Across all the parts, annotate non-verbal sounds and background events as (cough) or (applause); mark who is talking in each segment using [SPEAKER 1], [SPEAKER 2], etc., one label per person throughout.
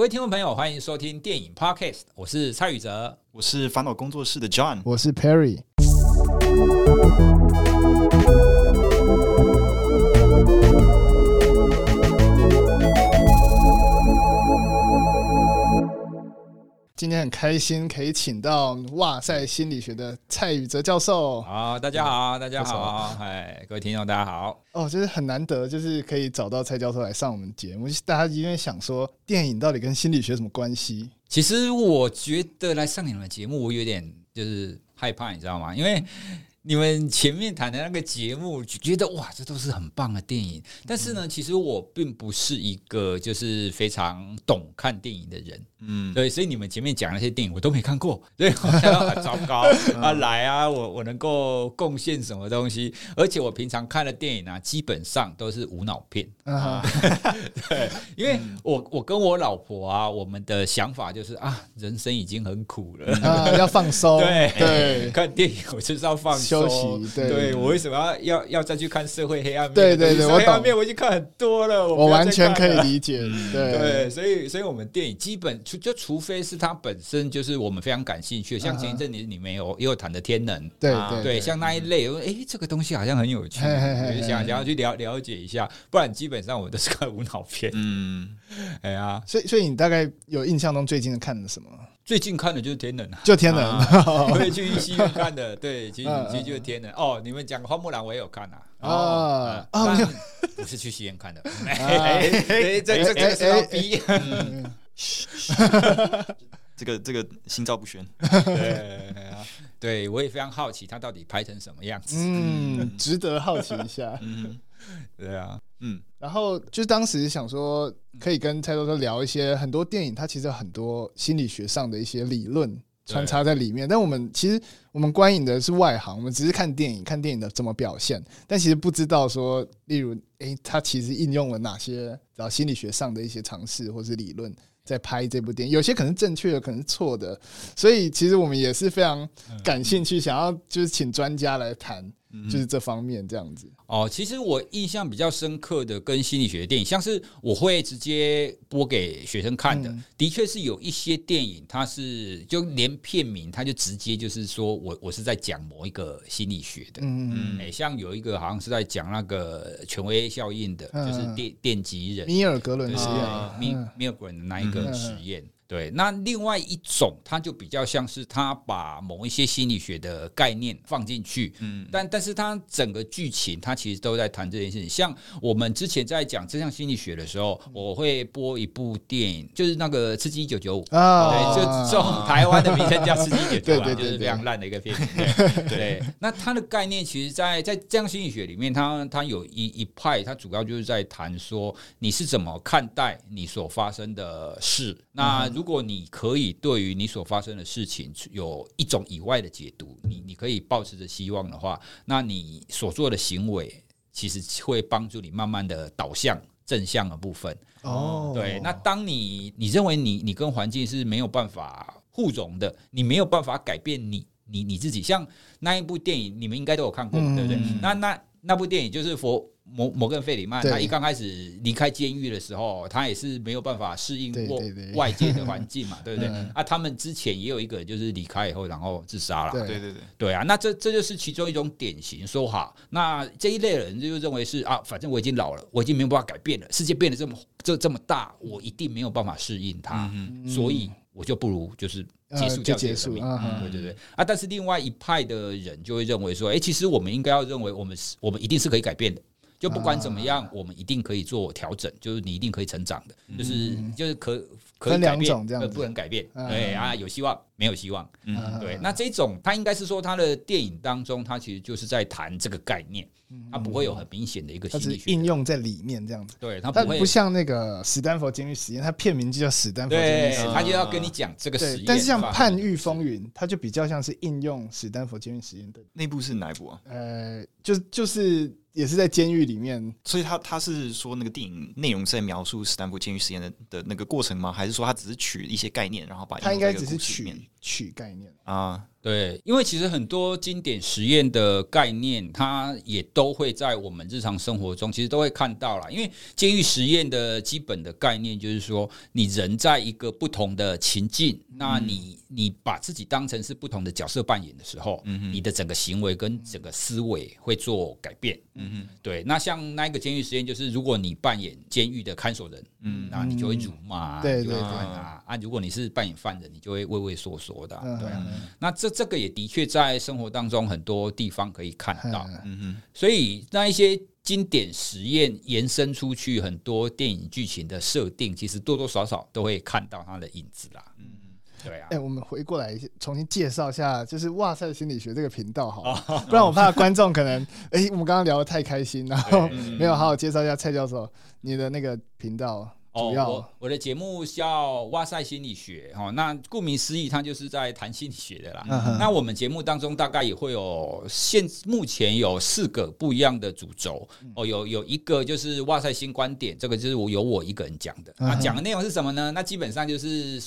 [SPEAKER 1] 各位聽眾朋友，歡迎收聽電影 Podcast，我是蔡宇哲，我是煩惱工作室的 John，
[SPEAKER 2] 我是 Perry。今天很開心可以請到哇塞心理學的蔡宇哲教授。
[SPEAKER 1] 好，大家好，嗯、大家好，嗨， (laughs) 各位聽眾大家好。
[SPEAKER 2] 哦，就是很難得，就是可以找到蔡教授來上我們節目。大家因為想說電影到底跟心理學什麼關係？
[SPEAKER 1] 其實我覺得來上你們的節目，我有點就是害怕，你知道嗎？因為你們前面談的那個節目，覺得哇，這都是很棒的電影但是呢，嗯、其實我並不是一個就是非常懂看電影的人，嗯，對，所以你們前面講那些電影，我都沒看過，對，好像很糟糕、 (laughs) 嗯、啊，來啊，我我能夠貢獻什麼東西？而且我平常看的電影啊，基本上都是無腦片
[SPEAKER 2] 啊。
[SPEAKER 1] (laughs) 對，因為我我跟我老婆啊，我們的想法就是啊，人生已經很苦了，啊、要放鬆，對對，對，看電影我就是要放。休息，對，對，我為什麼要要要再去看社會黑暗面？對對對，社會黑暗面
[SPEAKER 2] 我已經看很多了，我完全可以理解。對，對，
[SPEAKER 1] 所以，所以我們電影基本除就，除非是它本身就是我們非常感興趣，像前一陣子裡面也有、啊、也有談的天能，對對，對，、啊、對，像那一類，我、嗯哎、這個東西好像很有趣，想想要去了了解一下，不然基本上我都是看無腦片。嗯，哎呀、
[SPEAKER 2] 啊，所以，所以你大概有印象中最近看的什麼？最近看的就是
[SPEAKER 1] 天能，就天
[SPEAKER 2] 能。我也去西院
[SPEAKER 1] 看的，對，其實其實就是天能。哦，你們講花木蘭，我也有看啊。哦，
[SPEAKER 3] 不是去西院看的，哎，這這這要閉眼。這個這個心照不宣。
[SPEAKER 1] 對我也非常好奇，它到底拍成什麼樣子？嗯，值
[SPEAKER 2] 得好奇一下。嗯，對啊。嗯，然後就是當時想說，可以跟蔡多多聊一些很多電影，它其實有很多心理學上的一些理論穿插在裡面。對但我們其實我們觀影的是外行，我們只是看電影，看電影的怎麼表現，但其實不知道說，例如，哎，它其實應用了哪些然後心理學上的一些嘗試或是理論在拍這部電影？有些可能是正確的，可能是錯的。所以其實我們也是非常感興趣，嗯、想要就是請專家來談。就是這方面這樣子。嗯
[SPEAKER 1] 嗯哦。其實我印象比較深刻的跟心理學的電影，像是我會直接播給學生看的，的確是有一些電影，它是就連片名，它就直接就是說我我是在講某一個心理學的。嗯嗯。誒，像有一個好像是在講那個權威效應的，就是電、嗯、電擊人米爾格倫實驗，米爾格倫的那一個實驗。嗯嗯嗯嗯嗯嗯嗯對，那另外一種，它就比較像是他把某一些心理學的概念放進去，嗯，但但是它整個劇情，它其實都在談這件事情。像我們之前在講正向心理學的時候，我會播一部電影，就是那個《刺激一九九五》啊，這種、哦、台灣的名稱叫《刺激一九九五》，就是非常爛的一個片子。對，對 (laughs) 那它的概念其實在，在在正向心理學裡面，它它有一一派，它主要就是在談說你是怎麼看待你所發生的事，是那。嗯如果你可以對於你所發生的事情有一種以外的解讀，你你可以抱持着希望的話，那你所做的行為其實會幫助你慢慢的導向正向的部分。哦、嗯，對。那當你你認為你你跟環境是沒有辦法互融的，你沒有辦法改變你你你自己，像那一部電影，你們應該都有看過，嗯、對不對？那、嗯、那。那那部電影就是佛摩摩根費里曼，他一剛開始離開監獄的時候，他也是沒有辦法適應外外界的環境嘛，對，對，對,對不對？ (laughs) 嗯嗯啊，他們之前也有一個就是離開以後，然後自殺了，對對對，對，對啊，那這這就是其中一種典型，說法。那這一類人就認為是啊，反正我已經老了，我已經沒有辦法改變了，世界變得這麼這這麼大，我一定沒有辦法適應他、嗯。所以我就不如就是。結束就，就結束，啊，對對對。啊，嗯，但是另外一派的人就會認為說，哎，其實我們應該要認為，我們是，我們一定是可以改變的。就不管怎麼樣，我們一定可以做調整，就是你一定可以成長的，就是就是可。可以改變，兩種這樣子不能改變。哎、嗯、啊，有希望，沒有希望。嗯，對，嗯對。那這種，他應該是說，他的電影當中，他其實就是在談這個概念，嗯、他不會有很明顯的一個心理學它是
[SPEAKER 2] 應用在裡面，這樣子。對他不，他不像那個史丹佛監獄實驗，他片名就叫史丹佛監獄實驗，他就要跟你講這個實驗，啊。但是像潘《叛獄風雲》，它就比較像是應用史丹佛監獄實驗的。那部是哪一部啊？呃，就就是。也是在監獄裡面，
[SPEAKER 4] 所以他他是說，那個電影內容在描述斯坦福監獄實驗的的那個過程嗎？還是說他
[SPEAKER 1] 只是取一些概念，然後把？
[SPEAKER 4] 他應該只是取
[SPEAKER 2] 取概念
[SPEAKER 1] 啊。呃對，因為其實很多經典實驗的概念，它也都會在我們日常生活中，其實都會看到了。因為監獄實驗的基本的概念就是說，你人在一個不同的情境，嗯、那你你把自己當成是不同的角色扮演的時候，嗯、哼你的整個行為跟整個思維會做改變。嗯哼對。那像那個監獄實驗，就是如果你扮演監獄的看守人，嗯，那你就會辱罵，嗯、對對對，就會對啊，啊！如果你是扮演犯人，你就會畏畏縮縮的，對啊。呵呵那這這個也的確在生活當中很多地方可以看到，嗯嗯，所以那一些經典實驗延伸出去，很多電影劇情的設定，其實多多少少都會看到它的影子啦，
[SPEAKER 3] 嗯
[SPEAKER 2] 嗯，對啊，哎，我們回過來重新介紹一下，就是哇賽心理學這個頻道，好，不然我怕觀眾可能，哎，我們剛剛聊得太開心，然後沒有好好介紹一下蔡教授你的那個頻道。主哦，我
[SPEAKER 1] 我的節目叫《哇賽心理學》哈、哦，那顧名思義，它就是在談心理學的啦。嗯、哼那我們節目當中大概也會有現目前有四個不一樣的主軸哦，有有一個就是哇賽新觀點，這個就是我由我一個人講的。那、嗯哼啊、講的內容是什麼呢？那基本上就是。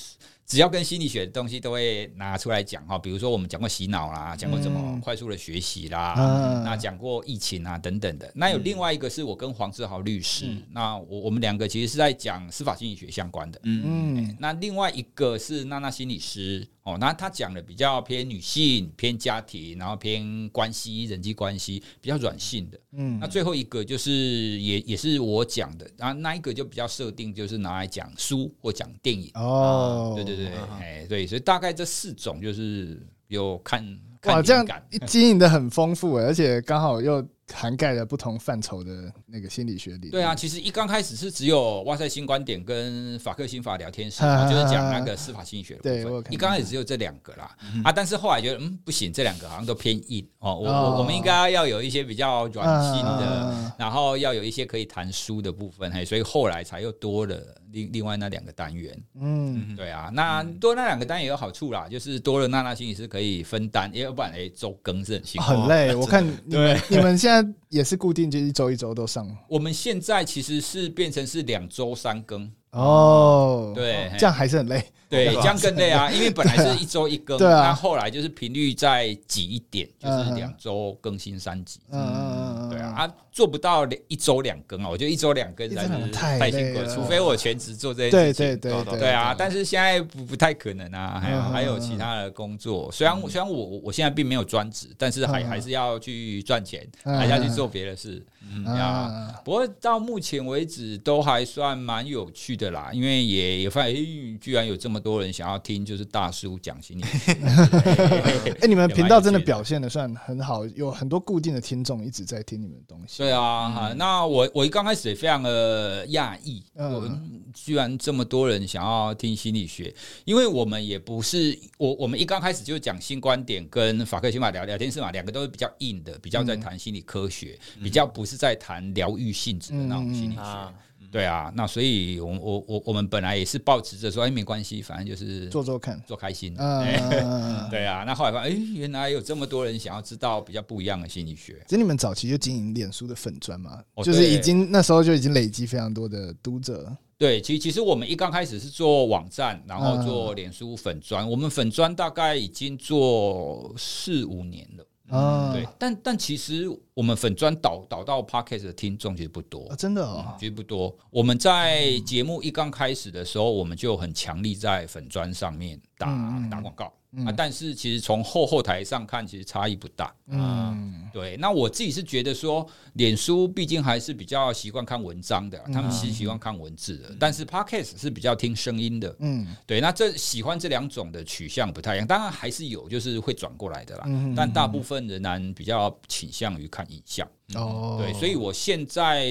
[SPEAKER 1] 只要跟心理學的東西都會拿出來講哈，比如說我們講過洗腦啦，講過怎麼快速的學習啦，那講過疫情啊等等的。那有另外一個是我跟黃志豪律師，嗯、那我我們兩個其實是在講司法心理學相關的。嗯、欸，那另外一個是娜娜心理師哦，那她講的比較偏女性、偏家庭，然後偏關係、人際關係比較軟性的。嗯，那最後一個就是也也是我講的，那那一個就比較設定就是拿來講書或講電影哦、啊，對對對。對，哎，對，所以大概這四種就是有看看這樣經
[SPEAKER 2] 營得很豐富，而且剛好又涵蓋了不同範疇的那個心理學理。對啊，
[SPEAKER 1] 其實一剛開始是只有哇塞新觀點跟法客心法聊天室，啊、就是講那個司法心理學
[SPEAKER 2] 的部分。對，一剛
[SPEAKER 1] 開始只有這兩個啦、嗯、啊，但是後來覺得嗯不行，這兩個好像都偏硬哦，我哦我們應該要有一些比較軟性的，啊、然後要有一些可以談書的部分，嘿，所以後來才又多了。另另外那兩個單元，嗯，對啊，那多那兩個單元也有好處啦，就是多了娜娜心理師可以分擔，要不然誒周、欸、更是很辛苦，哦、很累。的我看你們對 你們
[SPEAKER 2] 現在也是固定就一周一周都上，對
[SPEAKER 1] 我們現在其實是變成是兩周三更哦，對，這樣還是很累。對，這樣更累啊，啊，因為本來是一周一更，那，啊啊啊，後來就是頻率再擠一點，就是兩周更新三集。嗯，嗯，嗯，對啊，啊，做不到一周兩一周兩更啊，我覺得一周兩更才是開心過，除非我全職做這些，對對對對，對，對，對，對啊！但是現在不不太可能啊，還有還有其他的工作。雖然我雖然我我現在並沒有專職，但是還還是要去賺錢，還要去做別的事，嗯，啊。不過到目前為止都還算蠻有趣的啦，因為也也發現居然有這麼多人想要聽就是大叔講心理學。哎、 (laughs) 欸，你們頻道真的
[SPEAKER 2] 表現得算很好，有很多固定的聽眾一直在聽你們的
[SPEAKER 1] 東西。對啊，哈、嗯，那我我一剛開始也非常的訝異，我居然這麼多人想要聽心理學，因為我們也不是我我們一剛開始就是講新觀點，跟法克西馬聊聊天是嘛，兩個都是比較硬的，比較在談心理科學，嗯、比較不是在談療癒性質的那種心理學。嗯嗯啊對啊，那所以我，我我我我們本來也是抱持着說，哎，沒關係，反正就是做做看，做開心。對啊，嗯、那後來發現，哎，原來有這麼多人想要知道比較不一樣的心理學。
[SPEAKER 2] 其實你們早期就經營臉書的粉專嘛，哦、就是已經那時候就已經累積非常多的讀者。
[SPEAKER 1] 對，其其實我們一剛開始是做網站，然後做臉書粉專。嗯、我們粉專大概已經做四五年了。嗯嗯、對，但但其實我們粉專導導到 Podcast 的聽眾其實不多，啊、真的、哦嗯、其實不多。我們在節目一剛開始的時候，嗯、我們就很強力在粉專上面打、嗯、打廣告。啊，但是其實從後後台上看，其實差異不大。嗯、啊，對。那我自己是覺得說，臉書畢竟還是比較習慣看文章的，他們其實喜歡看文字的。嗯、但是 podcast 是比較聽聲音的。嗯，對。那這喜歡這兩種的取向不太一樣，當然還是有，就是會轉過來的啦。嗯、但大部分仍然比較傾向於看影像。嗯、哦，對。所以我現在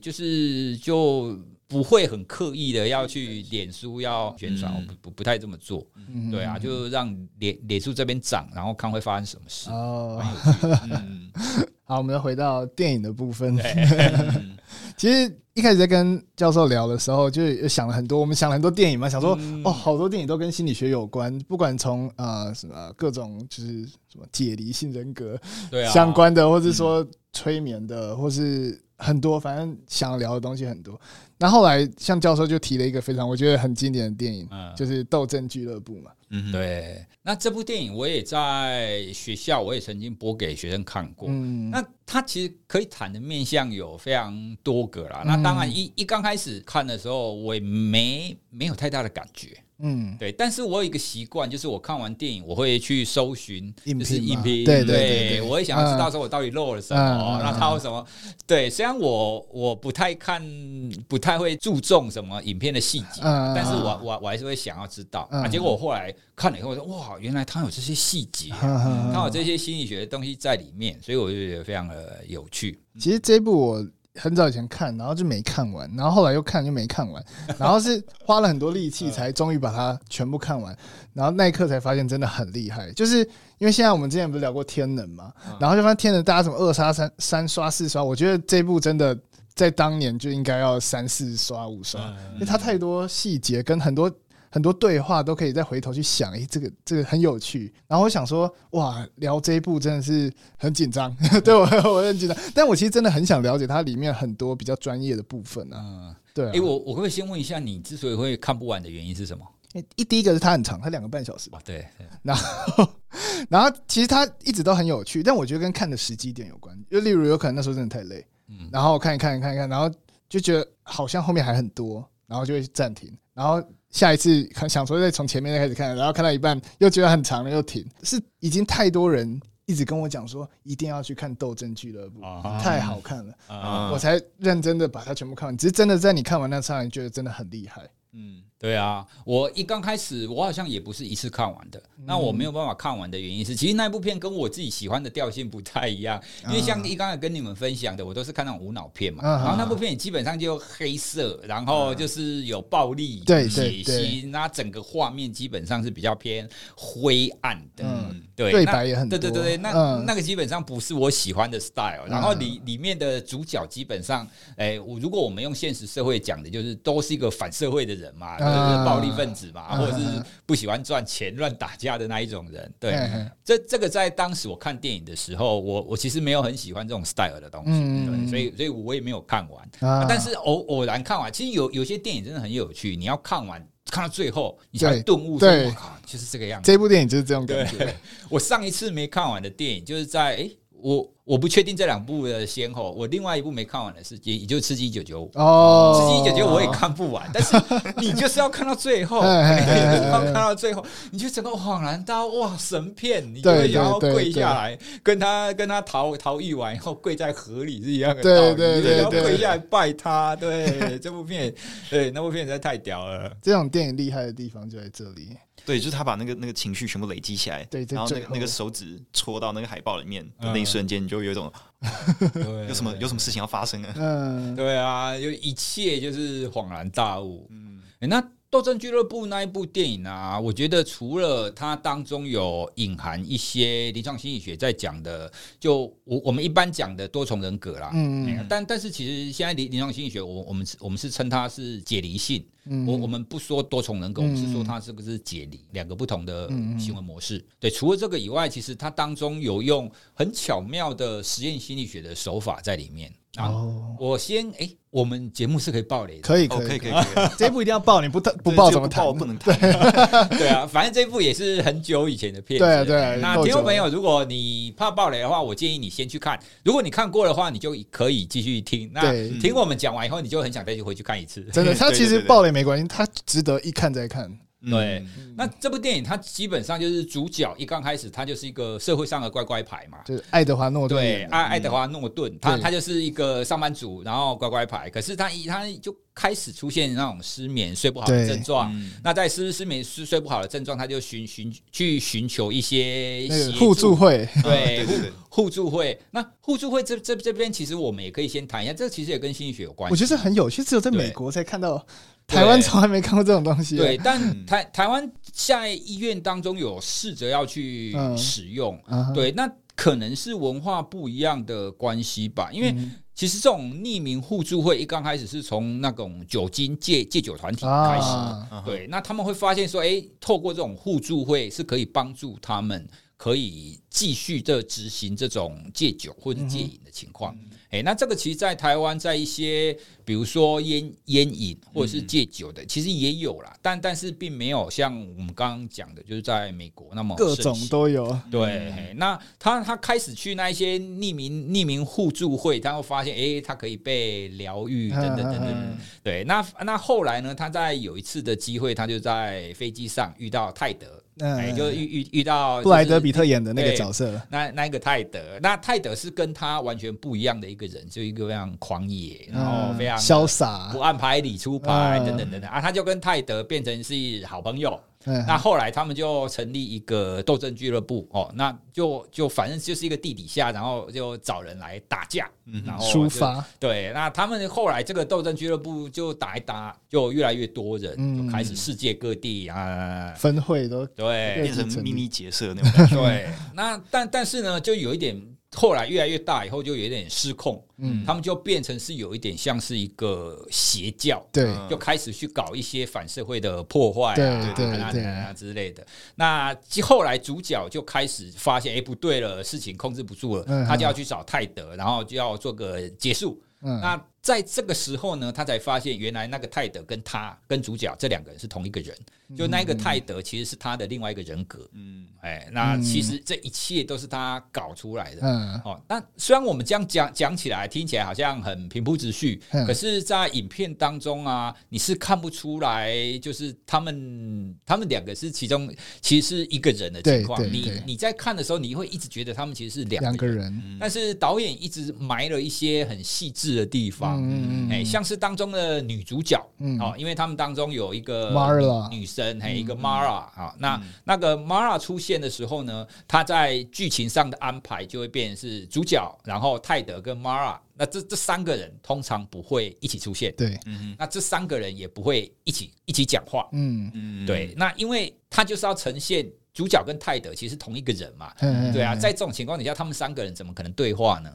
[SPEAKER 1] 就是就。不會很刻意的要去臉書要宣傳，我、嗯、不不，不，不太這麼做，嗯、對啊，就讓臉臉書這邊長然後看會發生什麼事。
[SPEAKER 2] 哦，嗯、好，我們回到電影的部分。嗯、 (laughs) 其實一開始在跟教授聊的時候，就想了很多，我們想了很多電影嘛，想說、嗯、哦，好多電影都跟心理學有關，不管從啊、呃、什麼各種就是什麼解離性人格相關的，啊、或者說。嗯催眠的，或是很多，反正想聊的東西很多。那後來，向教授就提了一個非常我覺得很經典的電影，嗯、就是《鬥陣俱樂部》嘛。嗯，對。
[SPEAKER 1] 那這部電影我也在學校，我也曾經播給學生看過。嗯，那它其實可以談的面向有非常多個了。那當然一，一一剛開始看的時候我也，我沒沒有太大的感覺。嗯，對，但是我有一個習慣，就是我看完電影，我會去搜尋就是影評。對對對，我會想要知道說我到底漏了什麼，那他有什麼？對，雖然我我不太看，不太會注重什麼影片的細節，但是我我我還是會想要知道啊。結果我後來看了以後我說，哇，原來他有這些細節，他有這些心理學的東西在裡面，所以我就覺得非常的有趣。
[SPEAKER 2] 其實這部我。很早以前看，然後就沒看完，然後後來又看就沒看完，然後是花了很多力氣才終於把它全部看完， (laughs) 然後那一刻才發現真的很厲害，就是因為現在我們之前不是聊過天能嘛，嗯、然後就發現天能大家什麼二刷三三刷四刷，我覺得這部真的在當年就應該要三四刷五刷，嗯、因為它太多細節跟很多。很多對話都可以再回頭去想，哎、欸，這個這個很有趣。然後我想說，哇，聊這一部真的是很緊張， (laughs) 對我，我很緊張，但我其實真的很想了解它裡面很多比較專業的部分呢、啊。對、啊欸。
[SPEAKER 1] 我我會先問一下，你之所以會看不完的原因是什麼？欸、
[SPEAKER 2] 一第一個是它很長，它兩個半小時吧、啊。
[SPEAKER 1] 對。對然
[SPEAKER 2] 後，然後其實它一直都很有趣，但我覺得跟看的時機點有關。就例如有可能那時候真的太累，嗯，然後看一看，看一看，然後就覺得好像後面還很多，然後就會暫停，然後。下一次想說再從前面再開始看，然後看到一半又覺得很長了，又停。是已經太多人一直跟我講說一定要去看《鬥陣俱樂部》uh，huh. 太好看
[SPEAKER 3] 了，uh huh. 我才
[SPEAKER 2] 認真的把它全部看完。只是真的在你看完那場，你覺得真的很厲害。
[SPEAKER 1] 嗯。對啊，我一剛開始，我好像也不是一次看完的。嗯、那我沒有辦法看完的原因是，其實那部片跟我自己喜歡的調性不太一樣。嗯、因為像一剛才跟你們分享的，我都是看那種無腦片嘛。嗯、然後那部片也基本上就黑色，然後就是有暴力、血腥、嗯，那整個畫面基本上是比較偏灰暗的。嗯、對，那對白也很多。對對對對，那、嗯、那個基本上不是我喜歡的 style。然後裡裡面的主角基本上，哎，我如果我們用現實社會講的，就是都是一個反社會的人嘛。嗯是是暴力分子嘛，或者是不喜歡賺錢、亂打架的那一種人。嗯、對，這這個在當時我看電影的時候，我我其實沒有很喜歡這種 style 的東西，嗯、對所以所以我也沒有看完。嗯啊、但是偶偶然看完，其實有有些電影真的很有趣，你要看完看到最後，
[SPEAKER 2] 你才頓悟對。對，就是這個樣子。這部電影就是這種感覺
[SPEAKER 1] 對。我上一次沒看完的電影，就是在誒。欸我我不確定這兩部的先後，我另外一部沒看完的是，也也就是刺激《oh、刺激一九九五》哦，《刺激一九九五》我也看不完，但是你就是要看到最後，要看到最後，你就整個恍然大悟，哇，神片，你就要，要跪下來跟他跟他逃逃獄完以後，然後跪在河裡是一樣的道理，你要跪下來拜他，對這部片也， (laughs) 對那部片實在太屌了，
[SPEAKER 2] 這種電影厲害的地方就在這裡。
[SPEAKER 4] 對，就是他把那個那個情緒全部累積起來，然後那個後那個手指戳到那個海報裡面的，嗯、那一瞬間，你就有一種 (laughs) 對有什麼有什麼事情要發生了。嗯，對
[SPEAKER 1] 啊，就一切就是恍然大悟。嗯，那《鬥陣俱樂部》那一部電影啊，我覺得除了它當中有隱含一些臨床心理學在講的，就我我們一般講的多重人格啦，嗯、嗯，但但是其實現在臨臨床心理學，我我們我們是稱它是解離性。我我們不說多重人格，我們是說它是不是解離兩個不同的行為模式。對，除了這個以外，其實它當中有用很巧妙的實驗心理學的手法在裡面啊。我先誒，我們節目是可以暴雷的，可以可以可以，
[SPEAKER 2] 這一部一定要爆，你不不爆怎麼談？我不能談。
[SPEAKER 1] 對啊，反正這一部也是很久以前的片。對對。那聽眾朋友，如果你怕暴雷的話，我建議你先去看。如果你看過的話，你就可以繼續聽。那聽我們講完以後，你就很想再去回去看一次。真的，他其實暴
[SPEAKER 2] 雷。沒關係，他值得一看再看。對，嗯、
[SPEAKER 1] 那這部電影它基本上就是主角一剛開始，他就是一個社會上的乖乖
[SPEAKER 2] 牌嘛，就是愛德華諾頓，對、愛、啊、愛德華
[SPEAKER 1] 諾頓，他他、嗯、就是一個上班族，然後乖乖牌。可是他一他就開始出現那種失眠、睡不好的症狀。對，嗯、那在失、失失眠、睡不好的症狀，他就尋尋去尋求一些助互助會，對，對對對對互助會。那互助會這這這邊其實我們也可以先談一下，這其實也跟心理學有關。我覺得很
[SPEAKER 2] 有趣，只有在美國才看到。
[SPEAKER 1] 對台灣從來
[SPEAKER 2] 沒看過這種東西。對，但
[SPEAKER 1] 台台灣在醫院當中有試着要去使用。嗯嗯、對，那可能是文化不一樣的關係吧。因為其實這種匿名互助會一剛開始是從那種酒精戒戒酒團體開始。啊嗯、對，那他們會發現說，哎、欸，透過這種互助會是可以幫助他們可以繼續的執行這種戒酒或者戒癮的情況。哎、嗯哼欸，那這個其實在台灣在一些。比如說煙煙癮或者是戒酒的，嗯、其實也有啦，但但是並沒有像我們剛剛講的，就是在美國那麼各種都
[SPEAKER 2] 有。對，嗯
[SPEAKER 1] 嗯，那他他開始去那一些匿名匿名互助會，他會發現，哎、欸，他可以被療
[SPEAKER 3] 癒，等等等等。啊
[SPEAKER 1] 啊啊對，那那後來呢？他在有一次的機會，他就在飛機上遇到泰德，哎、嗯欸，就遇遇遇到、就是、布萊德彼特演的那個角色，那那個泰德，那泰德是跟他完全不一樣的一個人，就一個非常狂野，然後非常。瀟灑，瀟不按牌理出牌，等等等等啊！他就跟泰德變成是好朋友。
[SPEAKER 3] 那
[SPEAKER 1] 後來他們就成立一個鬥陣俱樂部哦，那就就反正就是一個地底下，然後就找人來打架。然後，
[SPEAKER 3] 出發
[SPEAKER 1] 對。那他們後來這個鬥陣俱樂部就打一打，就越來越多人，開始世界各地啊
[SPEAKER 2] 分會都對，變成秘密結
[SPEAKER 1] 社那種。 (laughs) 對，那但但是呢，就有一點。後來越來越大以後就有點失控，嗯、他們就變成是有一點像是一個邪教，對、嗯，就開始去搞一些反社會的破壞，啊，對、對、對之類的。那後來主角就開始發現，哎、欸，不對了，事情控制不住了，嗯、他就要去找泰德，然後就要做個結束。嗯、那在這個時候呢，他才發現原來那個泰德跟他跟主角這兩個人是同一個人。就那個泰德其實是他的另外一個人格，嗯，哎，那其實這一切都是他搞出來的，嗯，那、哦、雖然我們這樣講講起來聽起來好像很平鋪直敘，嗯、可是在影片當中啊，你是看不出來，就是他們他們兩個是其中其實是一個人的情況。你你在看的時候，你會一直覺得他們其實是兩個人，個人嗯、但是導演一直埋了一些很細緻的地方，嗯嗯嗯、哎，像是當中的女主角，嗯、哦，因為他們當中有一個女生。了還有一個 Mara、嗯嗯、啊、那、嗯，那個 Mara 出現的時候呢，他在劇情上的安排就會變成是主角，然後泰德跟 Mara，那這這三個人通常不會一起出現，
[SPEAKER 3] 對、嗯，那
[SPEAKER 1] 這三個人也不會一起一起講話，嗯嗯，對，那因為他就是要呈現。主角跟泰德其實是同一個人嘛，對啊，在這種情況底下，他們三個人怎麼可能對話呢？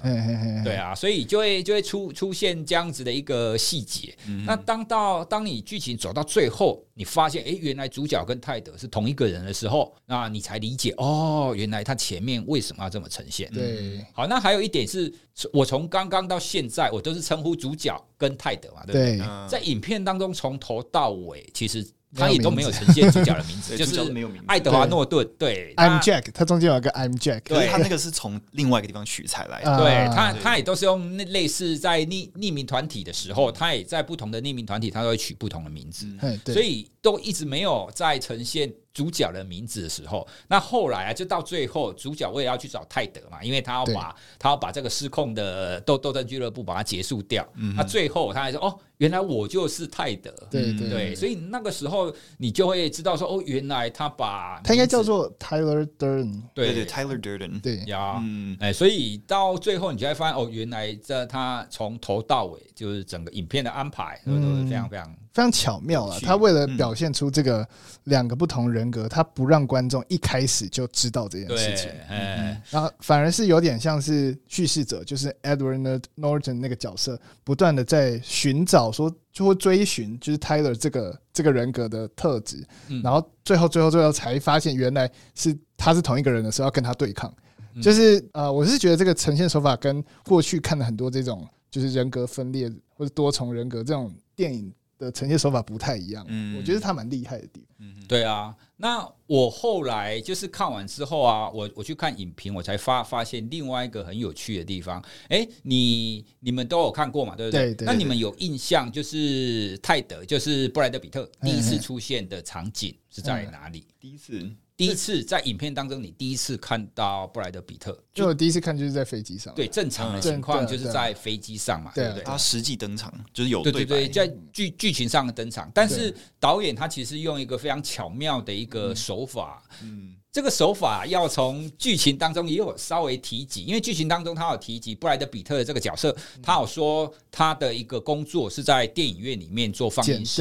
[SPEAKER 1] 對啊，所以就會就會出出現這樣子的一個細節。那當到當你劇情走到最後，你發現，哎，原來主角跟泰德是同一個人的時候，那你才理解哦，原來他前面為什麼要這麼呈現？對，好，那還有一點是，我從剛剛到現在，我都是稱呼主角跟泰德嘛，對不對？在影片當中，從頭到尾，其實。他也都沒有呈現主角
[SPEAKER 2] 的名字，就是
[SPEAKER 1] 沒有名字。愛德華諾頓，對，I'm
[SPEAKER 2] Jack，他中間有一個 I'm Jack，對他那個
[SPEAKER 1] 是從另外一個地方取材來
[SPEAKER 2] 的。對他，
[SPEAKER 1] 他也都是用那類似在匿匿名團體的時候，他也在不同的匿名團體，他都會取不同的名字，所以都一直沒有在呈現主角的名字的時候。那後來啊，就到最後，主角我也要去找泰德嘛，因為他要把他要把這個失控的鬥鬥陣俱樂部把它結束掉。那最後他還說：“哦，原來我就是泰德。”對對，所以那個時候。你就會知道說，哦，原來他把他
[SPEAKER 2] 應該叫做 Tyler Durden。對對
[SPEAKER 1] ，Tyler Durden，對呀，yeah, 嗯，哎，所以到最後你就會發現哦，原來這他從頭到尾就是整個影片的安排都、嗯、是非常非常。
[SPEAKER 2] 非常巧妙啊，他為了表現出這個兩個不同人格，嗯、他不讓觀眾一開始就知道這件事情，哎，然後反而是有點像是敘事者，就是 Edward Norton 那個角色，不斷的在尋找說，說就會追尋，就是 Tyler 這個這個人格的特質，嗯、然後最後最後最後才發現，原來是他是同一個人的時候，要跟他對抗，就是呃，我是覺得這個呈現手法跟過去看的很多這種就是人格分裂或者多重人格這種電影的呈現手法不太一樣，嗯，我覺得他蠻厲害的地方，嗯，
[SPEAKER 1] 對啊，那我後來就是看完之後啊，我我去看影評，我才發發現另外一個很有趣的地方，哎、欸，你你們都有看過嘛，對不對？對對對對，那你們有印象，就是泰德就是布萊德彼特第一次出現的場景是在哪裡？嗯嗯、第一次。第一次在影片當中，你第一次看到布萊德彼特，就
[SPEAKER 2] 我第一次看就是在飛機上。對，正常的情況就是在
[SPEAKER 1] 飛機上嘛，嗯、對不對,對？他實際登場就是有對對對,對，在劇劇情上的登場，但是導演他其實用一個非常巧妙的一個手法，嗯。嗯這個手法要從劇情當中也有稍微提及，因為劇情當中他有提及布萊德彼特的這個角色，他有說他的一個工作是在電影院裡面做放映師，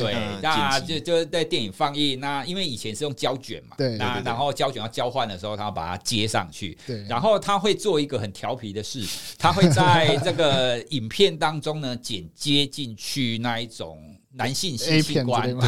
[SPEAKER 1] 對那輯就就是在電影放映，那因為以前是用膠卷嘛，對，對，對，對，啊，然後膠卷要交換的時候，他要把它接上去，對，然後他會做一個很調皮的事，他會在這個影片當中呢 (laughs) 剪接進去那一種。男性性器官的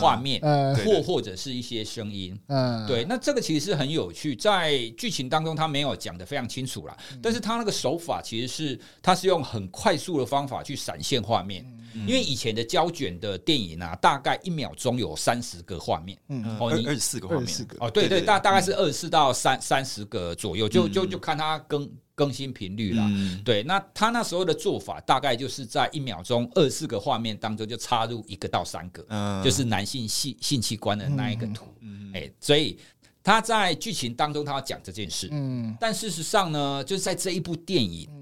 [SPEAKER 1] 畫面，或 (laughs) 或者是一些聲音，對，那這個其實是很有趣，在劇情當中他沒有講得非常清楚啦，嗯、但是他那個手法其實是，他是用很快速的方法去閃現畫面。嗯因為以前的膠卷的電影、啊、大概一秒鐘有三十個畫面，嗯，嗯，哦，二二十四個畫面，二十四個，哦，對對對，大大概是二十四到三三十個左右，嗯、就就就看它更更新頻率了。嗯、對，那他那時候的做法，大概就是在一秒鐘二十四個畫面當中，就插入一個到三個，嗯、就是男性性性器官的那一個圖、嗯嗯欸，所以他在劇情當中他要講這件事，嗯，但事實上呢，就是在這一部電影。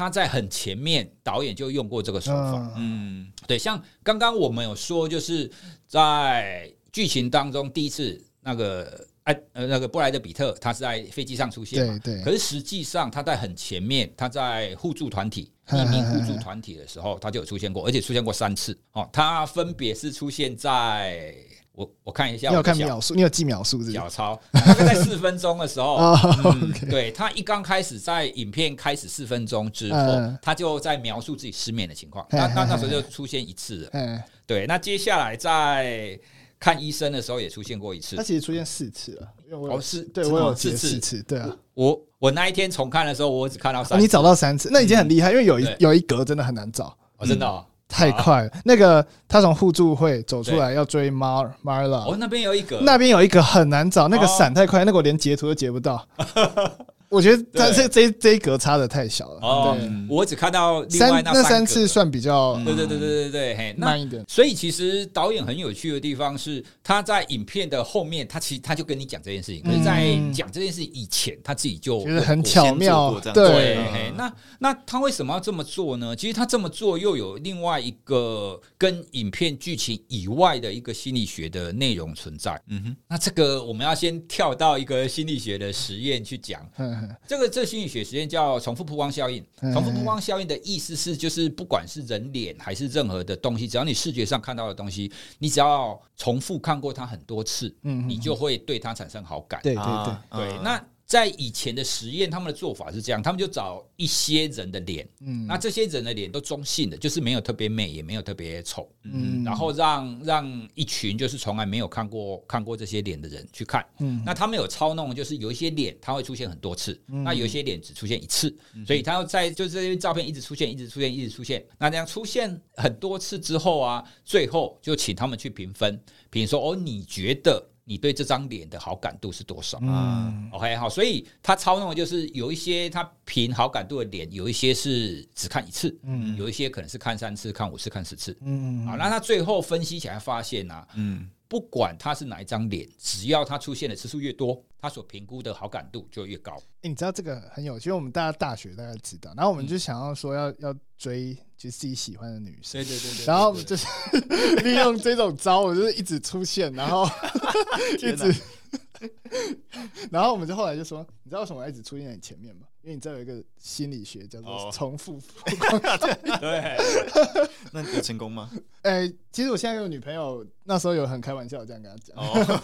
[SPEAKER 1] 他在很前面，導演就用過這個手
[SPEAKER 3] 法。哦、嗯，
[SPEAKER 1] 對，像剛剛我們有說，就是在劇情當中第一次那個哎呃那個布萊德彼特，他是在飛機上出現嘛？對對，對。可是實際上他在很前面，他在互助團體，匿名互助團體的時候，他就有出現過，哈哈哈哈而且出現過三次哦。他分別是出現在。我我看一
[SPEAKER 2] 下，你有看秒數，你有記秒數，是嗎？小抄大概
[SPEAKER 1] 在四分鐘的時候。對，他一剛開始在影片開始四分鐘之後，他就在描述自己失眠的情況。那那那時候就出現一次了。對，那接下來在看醫生的時候也出現過一次。他其實
[SPEAKER 2] 出現四次了，我有四，對我有四次，四次，對啊。我
[SPEAKER 1] 我那一天重看的時候，我只看到三，你找到三次，那已經很厲
[SPEAKER 2] 害，因為有一有一格真的很難找，真的。太快了！好啊、那個他從互助會走出來要追 Mar Marla，哦、
[SPEAKER 1] 那邊有一個，那邊有一個很
[SPEAKER 2] 難找，那個閃太快，那個我連截圖都截不到。好啊 (laughs) 我覺得他這這這一格差得太小了。哦，
[SPEAKER 1] 我只看到三那三次
[SPEAKER 2] 算，比較對
[SPEAKER 1] 對對對對對，慢一點。所以其實導演很有趣的地方是，他在影片的後面，他其實他就跟你講這件事情，可是在講這件事以前，他自己就覺得很巧妙。對。那那他為什麼要這麼做呢？其實他這麼做又有另外一個跟影片劇情以外的一個心理學的內容存在。嗯哼，那這個我們要先跳到一個心理學的實驗去講。這個這心理學實驗叫重複曝光效應。重複曝光效應的意思是，就是不管是人臉還是任何的東西，只要你視覺上看到的東西，你只要重複看過它很多次，嗯，你就會對它產生好感。對、嗯、對對對，對那。在以前的實驗，他們的做法是這樣：他們就找一些人的臉，嗯、那這些人的臉都中性的，就是沒有特別美，也沒有特別醜，嗯嗯、哼然後讓讓一群就是從來沒有看過看過這些臉的人去看，嗯、哼那他們有操弄，就是有一些臉它會出現很多次，嗯、哼那有些臉只出現一次，嗯、哼所以他要在就是這些照片一直，一直出現，一直出現，一直出現，那這樣出現很多次之後啊，最後就請他們去評分，比如說哦，你覺得？你對這張臉的好感度是多少？嗯，OK，好，所以他操弄的就是有一些他憑好感度的臉，有一些是只看一次，嗯，有一些可能是看三次、看五次、看十次，嗯，好，那他最後分析起來發現啊，嗯。
[SPEAKER 2] 不
[SPEAKER 1] 管他是哪一張臉，只要他出現的次數越多，他所評估的好感度就越高。
[SPEAKER 2] 哎、欸，你知道這個很有趣，因為我們大家大學大家知道，然後我們就想要說要、嗯、要追就是、自己喜歡的女生，對對對對，然後就是利用這種招，我 (laughs) 就是一直出現，然後一直， (laughs) 兒 (laughs) 然後我們就後來就說，你知道為什麼我一直出現在你前面嗎？因為你知道有一個心理學叫做重複曝、
[SPEAKER 3] oh. (laughs) 對？
[SPEAKER 2] (laughs) 那你有成功嗎？哎、欸，其實我現在有女朋友，那時候有很開玩笑這樣跟他講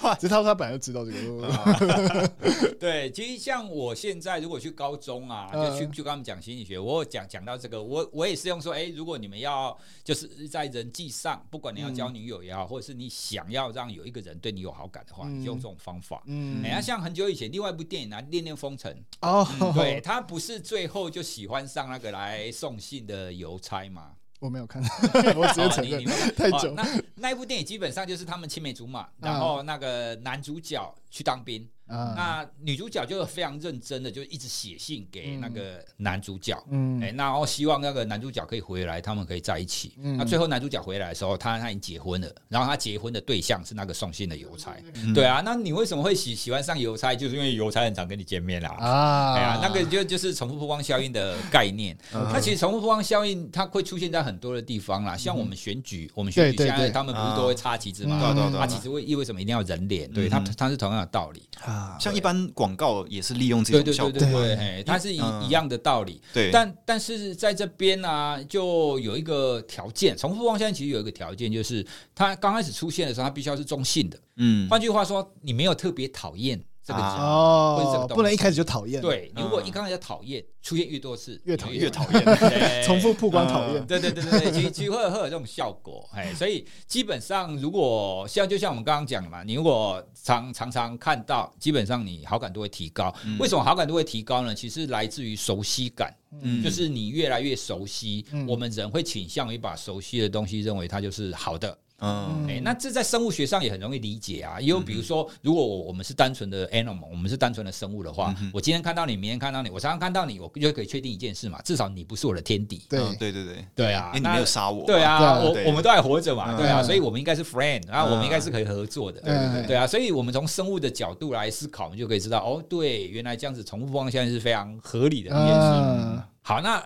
[SPEAKER 2] ，oh. 其實他說他本來就知道這個。Oh.
[SPEAKER 1] (laughs) 對，其實像我現在如果去高中啊，就去就、uh. 跟他們講心理學，我有講講到這個，我我也是用說，哎、欸，如果你們要就是在人際上，不管你要交女友也好，嗯、或者是你想要讓有一個人對你有好感的話，嗯、你就用這種方法。嗯，哎呀、欸，像很久以前另外一部電影啊，《戀戀風塵》哦，對。Oh. 嗯對他不是最後就喜歡上那個來送信的郵差嗎？我沒有看， (laughs) 我直接承認、 (laughs) 哦，看太久了，哦。那那一部電影基本上就是他們青梅竹馬， (laughs) 然後那個男主角去當兵。那女主角就非常認真的，就一直寫信給那個男主角，嗯，然後希望那個男主角可以回來，他們可以在一起。那最後男主角回來的時候，他他已經結婚了，然後他結婚的對象是那個送信的郵差。對啊，那你為什麼會喜喜歡上郵差？就是因為郵差很常跟你見面啦。啊，哎呀，那個就就是重複曝光效應的概念。那其實重複曝光效應它會出現在很多的地方啦，像我們選舉，我們選舉他們不是都會插旗幟嘛？對對對。插旗幟為因為什麼一定要人臉？對，他他是同樣的道理。像一般廣告也是利用這個，對，對對對，它是一一樣的道理。對、嗯，但但是在這邊呢、啊，就有一個條件。重複曝光現在其實有一個條件，就是它剛開始出現的時候，它必須要是中性的。嗯，換句話說，你沒有特別討厭。這個哦，啊、個不能一開始就討厭。對，你如果一剛才就討厭，出現越多次，越討越討厭，越討厭 (laughs) 重複曝光討厭。對、嗯、對對對對，就就會會有這種效果。 (laughs) 所以基本上，如果像就像我們剛剛講的嘛，你如果常常常看到，基本上你好感度會提高。嗯、為什麼好感度會提高呢？其實來自於熟悉感，嗯、就是你越來越熟悉，嗯、我們人會傾向於把熟悉的東西認為它就是好的。嗯、欸，那這在生物學上也很容易理解啊，因為比如說，如果我我們是、嗯、哼我們是單純的 animal，我們是單純的生物的話，嗯、哼我今天看到你，明天看到你，我常常看到你，我就可以確定一件事嘛，至少你不是我的天敵對、嗯。對對對
[SPEAKER 2] 對，啊，你沒有殺我對、啊。對啊，我我們都還活
[SPEAKER 1] 着嘛，對啊，所以我們應該是 friend，啊，我們應該是可以合作的。對啊，所以我們從生物的角度來思考，我們就可以知道，哦，對，原來這樣子重複曝光是非常合理的一件事。嗯、呃，好，那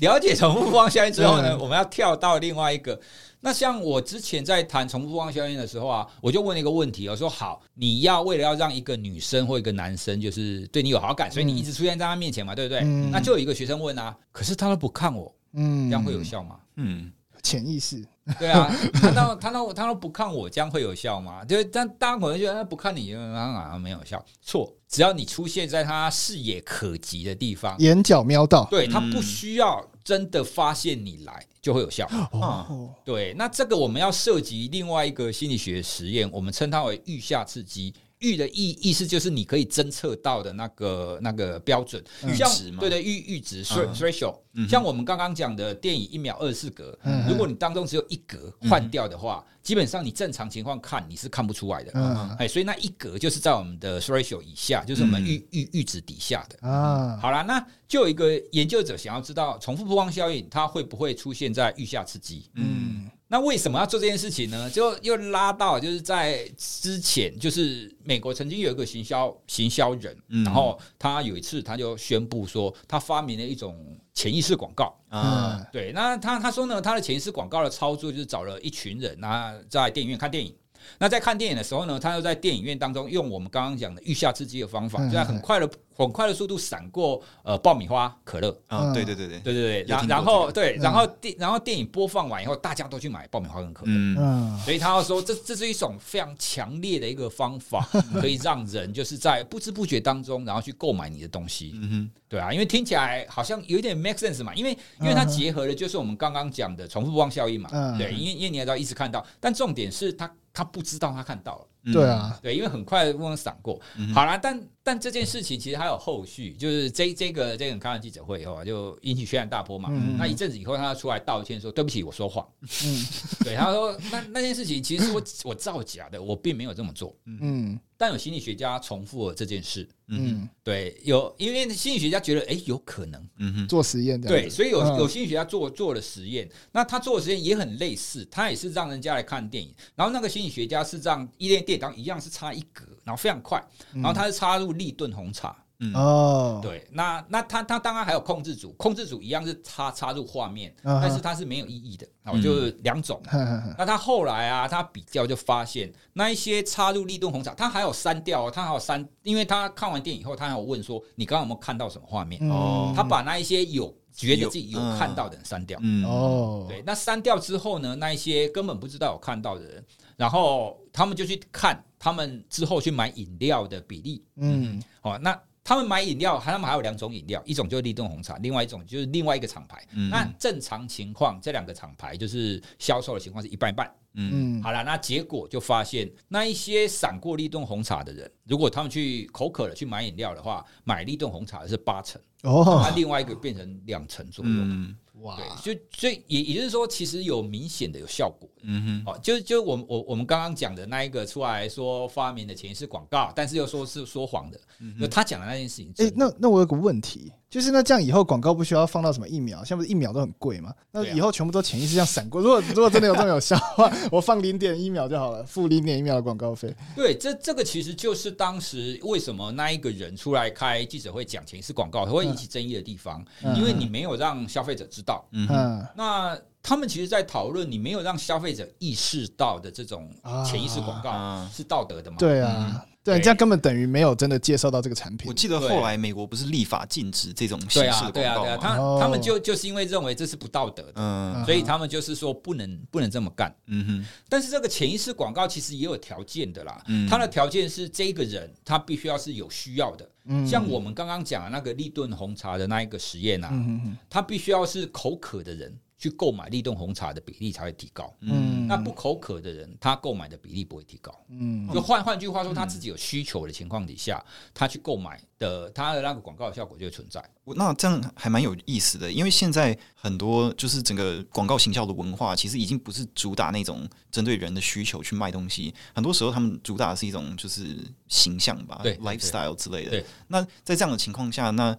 [SPEAKER 1] 了解重複曝光之後呢， (laughs) 我們要跳到另外一個。那像我之前在談重複曝光效應的時候啊，我就問了一個問題、哦，我說好，你要為了要讓一個女生或一個男生就是對你有好感，嗯、所以你一直出現在他面前嘛，對不對？嗯、那就有一個學生問啊，可是他都不看我，嗯，這樣會有效嗎？嗯，
[SPEAKER 2] 潛意識。 (laughs) 對啊，
[SPEAKER 1] 他都他都他都不看我將會有效嗎？就但大家可能覺得他不看你，他好像沒有效。錯，只要你出現在他視野可及的地方，
[SPEAKER 2] 眼角瞄到，對他不
[SPEAKER 1] 需要真的發現你來就會有效。
[SPEAKER 3] 哦、嗯嗯，
[SPEAKER 1] 對，那這個我們要涉及另外一個心理學實驗，我們稱它為閾下刺激。閾的意意思就是你可以偵測到的那個那個標準像值嘛？對對，閾值 threshold。像我們剛剛講的電影一秒二十四格，如果你當中只有一格換掉的話，基本上你正常情況看你是看不出來的。哎，所以那一格就是在我們的 threshold 以下，就是我們閾閾值底下
[SPEAKER 3] 的。
[SPEAKER 2] 啊，
[SPEAKER 1] 好了，那就有一個研究者想要知道重複曝光效應它會不會出現在閾下刺激？
[SPEAKER 3] 嗯。
[SPEAKER 1] 那為什麼要做這件事情呢？就又拉到就是在之前，就是美國曾經有一個行銷行銷人，然後他有一次他就宣布說，他發明了一種潛意識廣告啊。嗯嗯、對，那他他說呢，他的潛意識廣告的操作就是找了一群人啊，在電影院看電影。那在看電影的時候呢，他又在電影院當中用我們剛剛講的閾下刺激的方法，就在很快的、很快的速度閃過呃爆米花、可樂啊，對對對對對對對，然然後對，然後電然後電影播放完以後，大家都去買爆米花跟可樂，嗯，所以他要說這這是一種非常強烈的一個方法，可以讓人就是在不知不覺當中，然後去購買你的東西，嗯，對啊，因為聽起來好像有點 make sense 嘛，因為因為它結合的就是我們剛剛講的重複曝光效應嘛，對，因為因為你要一直看到，但重點是它。他不知道，他看到了。對啊，對，因為很快部分閃過，好了，但但這件事情其實還有後續，就是這這個這個開完記者會以後，就引起軒然大波嘛。那一陣子以後，他出來道歉說：“對不起，我說謊。”嗯，對，他說：“那那件事情其實是我我造假的，我並沒有這麼做。”嗯，但有心理學家重複了這件事。
[SPEAKER 3] 嗯，
[SPEAKER 1] 對，有因為心理學家覺得哎有可
[SPEAKER 2] 能，嗯哼，做實驗的對，所以有有心
[SPEAKER 1] 理學家做做了實驗，那他做的實驗也很類似，他也是讓人家來看電影，然後那個心理學家是讓一連電。當一樣是插一格，然後非常快，然後他是插入立頓紅茶。嗯，嗯、
[SPEAKER 2] 哦、對，
[SPEAKER 1] 那那他他當然還有控制組，控制組一樣是插插入畫面，但是他是沒有意義的。啊哈，然後就是兩種、啊。嗯、那他後來啊，他比較就發現那一些插入立頓紅茶，他還有刪掉、哦，他還有刪，因為他看完電影以後，他還有問說你剛剛有沒有看到什麼畫面？嗯、哦，他把那一些有覺得自己有看到的人刪掉。嗯、哦，對，那刪掉之後呢，那一些根本不知道有看到的人。然後他們就去看他們之後去買飲料的比例，
[SPEAKER 3] 嗯，
[SPEAKER 1] 好、哦，那他們買飲料，他們還有兩種飲料，一種就是立頓紅茶，另外一種就是另外一個廠牌。嗯、那正常情況，這兩個廠牌就是銷售的情況是一半一半。嗯，
[SPEAKER 3] 嗯好
[SPEAKER 1] 了，那結果就發現，那一些閃過立頓紅茶的人，如果他們去口渴了去買飲料的話，買立頓紅茶是八成，
[SPEAKER 3] 哦，那另
[SPEAKER 1] 外一個變成兩成左右。嗯哇，對，就所以也也就是說，其實有明顯的有效
[SPEAKER 3] 果，嗯哼，
[SPEAKER 1] 哦，就就我們我我們剛剛講的那一個出來說發明的潛意識廣告，但是又說是說謊的，那、嗯、哼他講的那件事情，
[SPEAKER 2] 哎、欸，那那我有個問題。就是那這樣以後廣告不需要放到什麼一秒，現在不是一秒都很貴嗎？那以後全部都潛意識這樣閃過。如果對、啊、 (laughs) 如果真的有這麼有效的話，我放零點一秒就好了，付零點一秒的廣告費。
[SPEAKER 3] 對，
[SPEAKER 1] 這這個其實就是當時為什麼那一個人出來開記者會講潛意識廣告會引起爭議的地方，嗯、因為你沒有讓消費者知道。嗯哼，那他們其實，在討論你沒有讓消費者意識到的這種潛意識廣告是道德的嗎？嗯、對啊。
[SPEAKER 2] 對，這樣根本等於沒有真的介紹到這個產品。我記得後來
[SPEAKER 1] 美國不是立法禁止這種形式廣告？對啊，對啊，對啊，他他們就就是因為認為這是不道德的，嗯、所以他們就是說不能不能這麼幹。嗯哼，但是這個潛意識廣告其實也有條件的啦。嗯。它的條件是這個人他必須要是有需要的。嗯哼。像我們剛剛講的那個立頓紅茶的那一個實驗啊，嗯、哼哼他必須要是口渴的人。去購買立頓紅茶的比例才會提高，嗯，那不口渴的人，他購買的比例不會提高，嗯，就換換句話說，他自己有需求的情況底下，嗯，他去購買。的它的那個廣告效果就會存在，
[SPEAKER 4] 那這樣還蠻有意思的，因為現在很多就是整個廣告行銷的文化，其實已經不是主打那種針對人的需求去賣東西，很多時候他們主打的是一種就是形象吧，對 lifestyle 之類的。那在這樣的情況下，那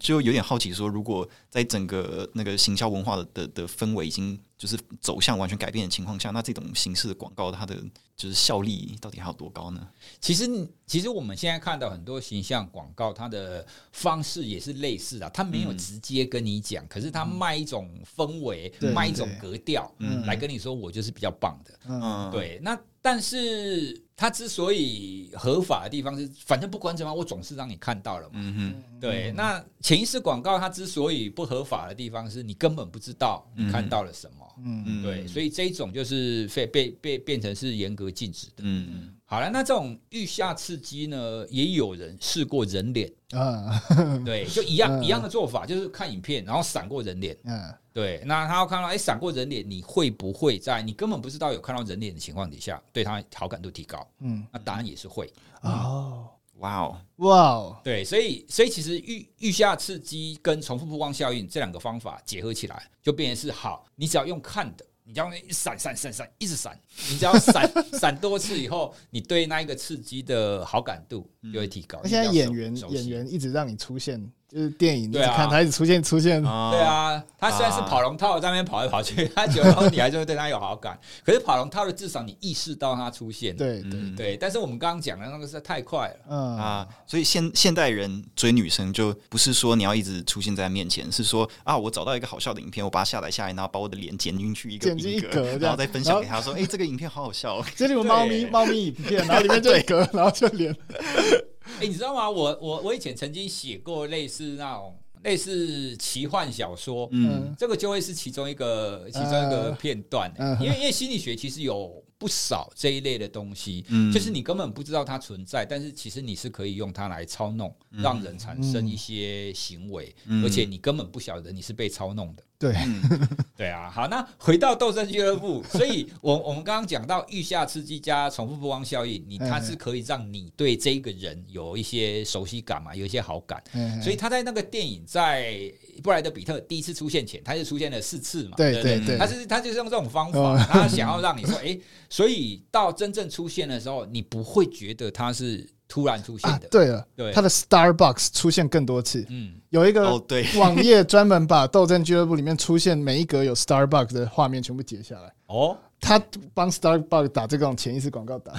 [SPEAKER 4] 就有點好奇說，如果在整個那個行銷文化的的、的氛圍已經。就是走向完全改變的情況下，那這種形式的廣告，它的就是效力到底還有多高呢？
[SPEAKER 1] 其實，其實我們現在看到很多形象廣告，它的方式也是類似的，它沒有直接跟你講，嗯、可是它賣一種氛圍，嗯、賣一種格調，來跟你說我就是比較棒的。
[SPEAKER 3] 嗯，對，
[SPEAKER 1] 那。但是它之所以合法的地方是，反正不管怎麼，我總是讓你看到了嘛。嗯、哼對，嗯、那潛意識廣告它之所以不合法的地方是你根本不知道你看到了什麼。嗯、對，所以這一種就是被被被變成是嚴格禁止的。嗯，好了，那這種閾下刺激呢，也有人試過人臉、
[SPEAKER 2] uh, (laughs)
[SPEAKER 1] 對，就一樣、uh. 一樣的做法，就是看影片，然後閃過人臉。Uh. 對，那他看到哎閃、欸、過人臉，你會不會在你根本不知道有看到人臉的情況底下，對他好感度提高？嗯，那答案也是會哦、嗯。哇哦，哇哦，對，所以所以其實閾閾下刺激跟重複曝光效應這兩個方法結合起來，就變成是好。你只要用看的，你只要一閃閃閃閃一直閃，你只要閃閃 (laughs) 多次以後，你對那一個刺激的好感度就會提高。那、嗯、現在演員洗演
[SPEAKER 2] 員一直讓你出現。就是電影，你看他一直出現，出現對啊，他雖然是跑
[SPEAKER 1] 龍套，在那邊跑來跑去，他覺得後你就會對他有好感。可是跑龍套的至少你意識到他出現，對對對。但是我們剛剛講的那個實在太快了
[SPEAKER 4] 啊，所以現現代人追女生就不是說你要一直出現在他面前，是說啊，我找到一個好笑的影片，我把它下載下來，然後把我的臉剪進去一個，剪進一格，然後再分享給他說，哎，這個影片好好笑，這裡有貓咪貓咪影片，然後裡面就一
[SPEAKER 3] 格，然後就臉
[SPEAKER 1] 哎、欸，你知道嗎？我我我以前曾經寫過類似那種類似奇幻小說，嗯，這個就會是其中一個其中一個片段、欸。因為、呃、因為心理學其實有不少這一類的東西，嗯，就是你根本不知道它存在，但是其實你是可以用它來操弄，讓人產生一些行為，嗯嗯、而且你根本不曉得你是被操弄的。對， (laughs) 對啊，好，那回到《鬥陣俱樂部》， (laughs) 所以，我我們剛剛講到閾下刺激加重複曝光效應，你它是可以讓你對這個人有一些熟悉感嘛，有一些好感， (laughs) 所以他在那個電影在布萊德彼特第一次出現前，他就出現了四次嘛， (laughs) 對對對，對、嗯，他是他就是用這種方法，他想要讓你說，哎、 (laughs) 欸，所以到真正出現的時候，你不會覺得他是。突然出現的，
[SPEAKER 2] 啊、對了，對了，他的 Starbucks 出現更多次。嗯，有一個網頁專門把《鬥陣俱樂部》裡面出現每一格有 Starbucks 的畫面全部截下來。哦他幫 Starbucks 打這種潛意識廣告，打。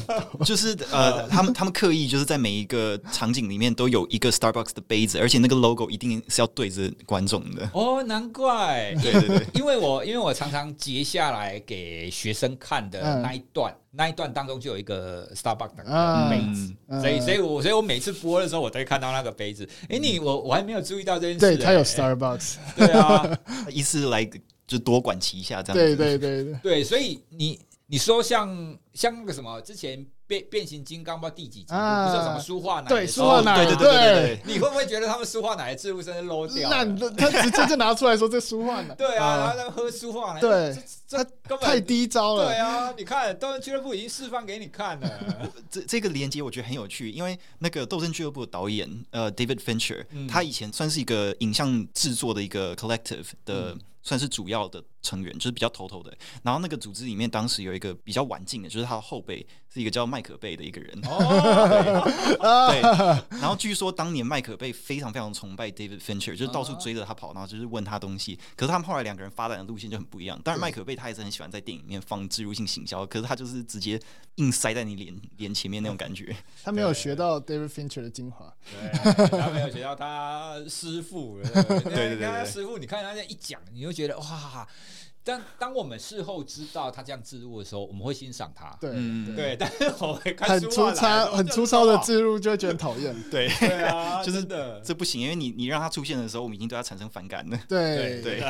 [SPEAKER 4] (laughs) 就是呃，他們他們刻意就是在每一個場景裡面都有一個 Starbucks 的杯子，而且那個 logo 一定是要對着觀眾的。
[SPEAKER 1] 哦，難怪，對對對， (laughs) 因為我因為我常常截下來給學生看的那一段，嗯、那一段當中就有一個 Starbucks 的杯
[SPEAKER 3] 子，所以所
[SPEAKER 1] 以我所以我每次播的時候，我都會看到那個杯子。哎，你我我還沒有注意到這件事，對他有 Starbucks，欸、 (laughs)
[SPEAKER 4] 對啊，一
[SPEAKER 1] 次來就多管齊下
[SPEAKER 4] 這樣子，對對
[SPEAKER 2] 對
[SPEAKER 1] 對，所以你你說像像那個什麼之前變變形金剛不知道第幾集，不是什麼舒化奶，對舒化奶，對對對，你會不會覺得他們舒化奶的贊助商真的 low 掉？那他
[SPEAKER 2] 直接就拿出來說這舒化奶，對啊，然後喝舒化奶，對，
[SPEAKER 1] 這根本太低招了，對啊，你看《鬥陣俱樂部》已經示範給你看了。這
[SPEAKER 4] 這個連接我覺得很有趣，因為那個《鬥陣俱樂部》的導演呃 David Fincher，他以前算是一個影像制作的一個 collective 的。算是主要的。成員就是比較偷偷的，然後那個組織裡面當時有一個比較晚進的，就是他的後輩是一個叫麥可貝的一個人。
[SPEAKER 3] 哦、對, (laughs) 對，然
[SPEAKER 4] 後據說當年麥可貝非常非常崇拜 David Fincher，就是到處追着他跑，然後就是問他東西。可是他們後來兩個人發展的路線就很不一樣。但是麥可貝他也是很喜歡在電影裡面放植入性行銷，可是他就是直接硬塞在你臉臉前面那種感覺。
[SPEAKER 2] 他沒有學到 David Fincher 的精華對對對對，他沒有學
[SPEAKER 1] 到他師傅。對對對,對，師傅，你看他這樣一講，你就覺得哇。但當我們事後知道他這樣置入的時候，我們會欣賞他。對，對，但是我會看很粗
[SPEAKER 2] 糙、很粗糙的置入就會覺得討厭。對，
[SPEAKER 1] 對啊，就是的，這不行，因為你你讓他出現的時候，我們已經對他產生反感了。
[SPEAKER 2] 對，對，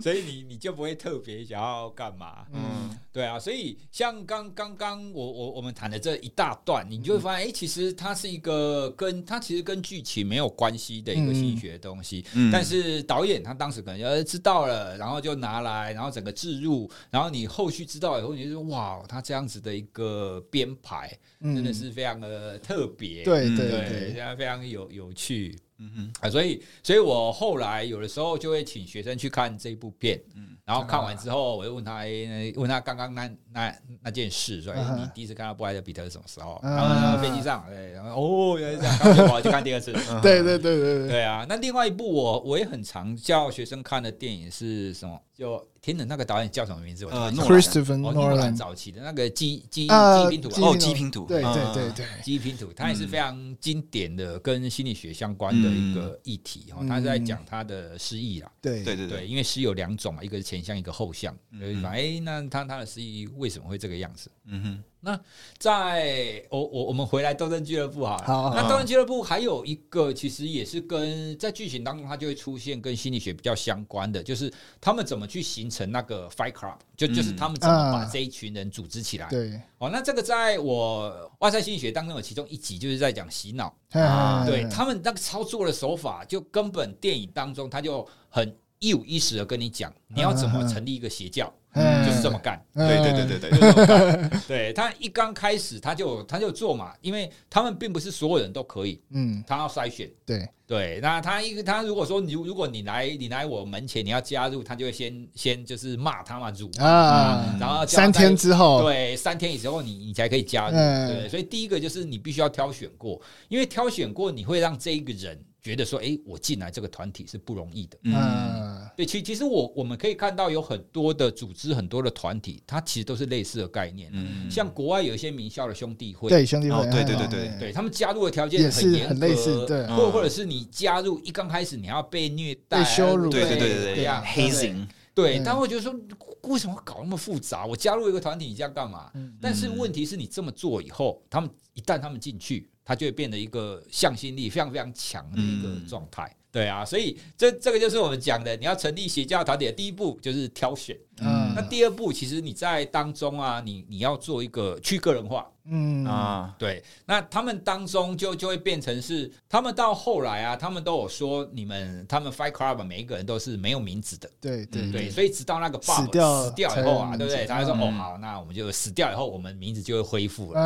[SPEAKER 1] 所以你你就不會特別想要幹嘛？嗯，對啊。所以像剛剛剛我我我們談的這一大段，你就會發現，哎，其實它是一個跟它其實跟劇情沒有關係的一個心理學的東西。嗯。但是導演他當時可能要知道了，然後就拿來。然後整個置入，然後你後續知道以後，你就說哇，他這樣子的一個編排，嗯、真的是非常的特別，對對對，非常、嗯、非常有有趣，嗯嗯哼啊，所以所以我後來有的時候就會請學生去看這部片，嗯，嗯然後看完之後，我就問他，哎、啊，問他剛剛那那那件事，所以、啊、哈你第一次看到布萊德彼特是什麼時候？啊、然後呢，飛機上，對，然後哦原來是這樣，我要去看第二次。對對對對對，對啊。那另外一部我我也很常叫學生看的電影是什麼？就天吶，那個導演叫什麼名字？我就是諾蘭，哦，諾蘭早期的那個記、記、記憶拼圖，哦，記憶拼圖，對對對記憶拼圖，他也是非常經典的跟心理學相關的一個議題哈。他在講他的失憶啦，對對對，因為失有兩種嘛，一個是前向，一個後向，對，那他他的失憶為什麼會這個樣子？嗯
[SPEAKER 3] 哼。那
[SPEAKER 1] 在，哦、我我我們回來《鬥陣俱樂部》好哈，那《鬥陣俱樂部》還有一個，其實也是跟在劇情當中，它就會出現跟心理學比較相關的，就是他們怎麼去形成那個 Fight Club，就、嗯、就是他們怎麼把這一群人組織起來。嗯嗯、對。哦，那這個在我《哇賽心理學》當中有其中一集，就是在講洗腦，嗯嗯、對、嗯、他們那個操作的手法，就根本電影當中他就很一五一十的跟你講，你要怎麼成立一個邪教。嗯嗯嗯，就是這麼幹。對、嗯、對對對對，嗯、對他一剛開始，他就他就做嘛，因為他們並不是所有人都可以。嗯，他要篩選。對對，那他一個他如果說如如果你來你來我門前你要加入，他就會先先就是罵他們嘛，辱啊、嗯，然後三天之後，對，三天之後你你才可以加入。嗯、對，所以第一個就是你必須要挑選過，因為挑選過你會讓這一個人覺得說，哎、欸，我進來這個團體是不容易的。嗯。
[SPEAKER 3] 嗯
[SPEAKER 1] 對，其其實我我們可以看到有很多的組織，很多的團體，它其實都是類似的概念。嗯，像國外有一些名校的兄弟會，對兄弟會，對對對對，他們加入的條件很嚴格，很類似，對，或或者是你加入一剛開始，你要被虐待、被羞辱，對對對對，這樣 hazing，對，他們會覺得說，為什麼搞那麼複雜？我加入一個團體，你這樣幹嘛？但是問題是你這麼做以後，他們一旦他們進去，他就會變得一個向心力非常非常強的一個狀態。對啊，所以這這個就是我們講的，你要成立邪教團體的第一步就是挑選。嗯，那第二步其實你在當中啊，你你要做一個去個人化。嗯啊，對。那他們當中就就會變成是，他們到後來啊，他們都有說，你們他們 Fight Club 每一個人都是沒有名字的。
[SPEAKER 2] 對對對、嗯、
[SPEAKER 1] 對，所以直到那個 Bob 死掉死掉以後啊，對不對？他就說、嗯、哦，好，那我們就死掉以後，我們名字就會恢復了。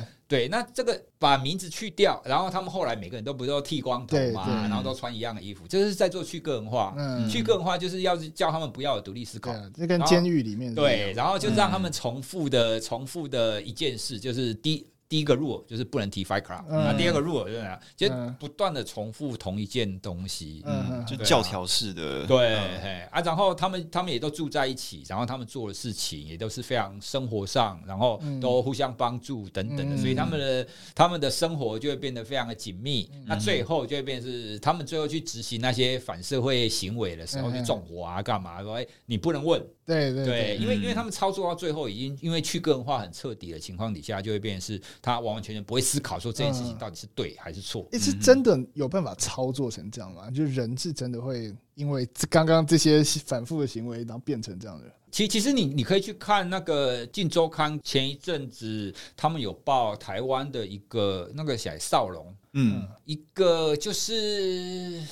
[SPEAKER 1] 嗯對，那這個把名字去掉，然後他們後來每個人都不是剃光頭嘛，然後都穿一樣的衣服，就是在做去個人化。嗯、去個人化就是要叫他們不要有獨立思考，啊、
[SPEAKER 2] 這跟監獄裡面對，然
[SPEAKER 1] 後就讓他們重複的、嗯、重複的一件事，就是第一。第一個 rule 就是不能提 fight club 那第二個 rule 就是啊，就不斷的重複同一件東西，嗯，就教條式的，對，嘿，啊，然後他們他們也都住在一起，然後他們做的事情也都是非常生活上，然後都互相幫助等等的，所以他們的他們的生活就會變得非常的緊密，那最後就會變成是他們最後去執行那些反社會行為的時候，去縱火啊幹嘛說，哎，你不能問，對對對，因為因為他們操作到最後已經因為去個人化很徹底的情況底下，就會變成是。他完完全全不會思考說這件事情到底是對還是錯。嗯？你是真
[SPEAKER 2] 的有辦法操作成這樣嗎？就是人是真的會因為剛剛這些反覆的行為，然後變成這樣的？
[SPEAKER 1] 其實，其實你你可以去看那個《鏡週刊》前一陣子他們有報台灣的一個那個小少龍，嗯，一個就是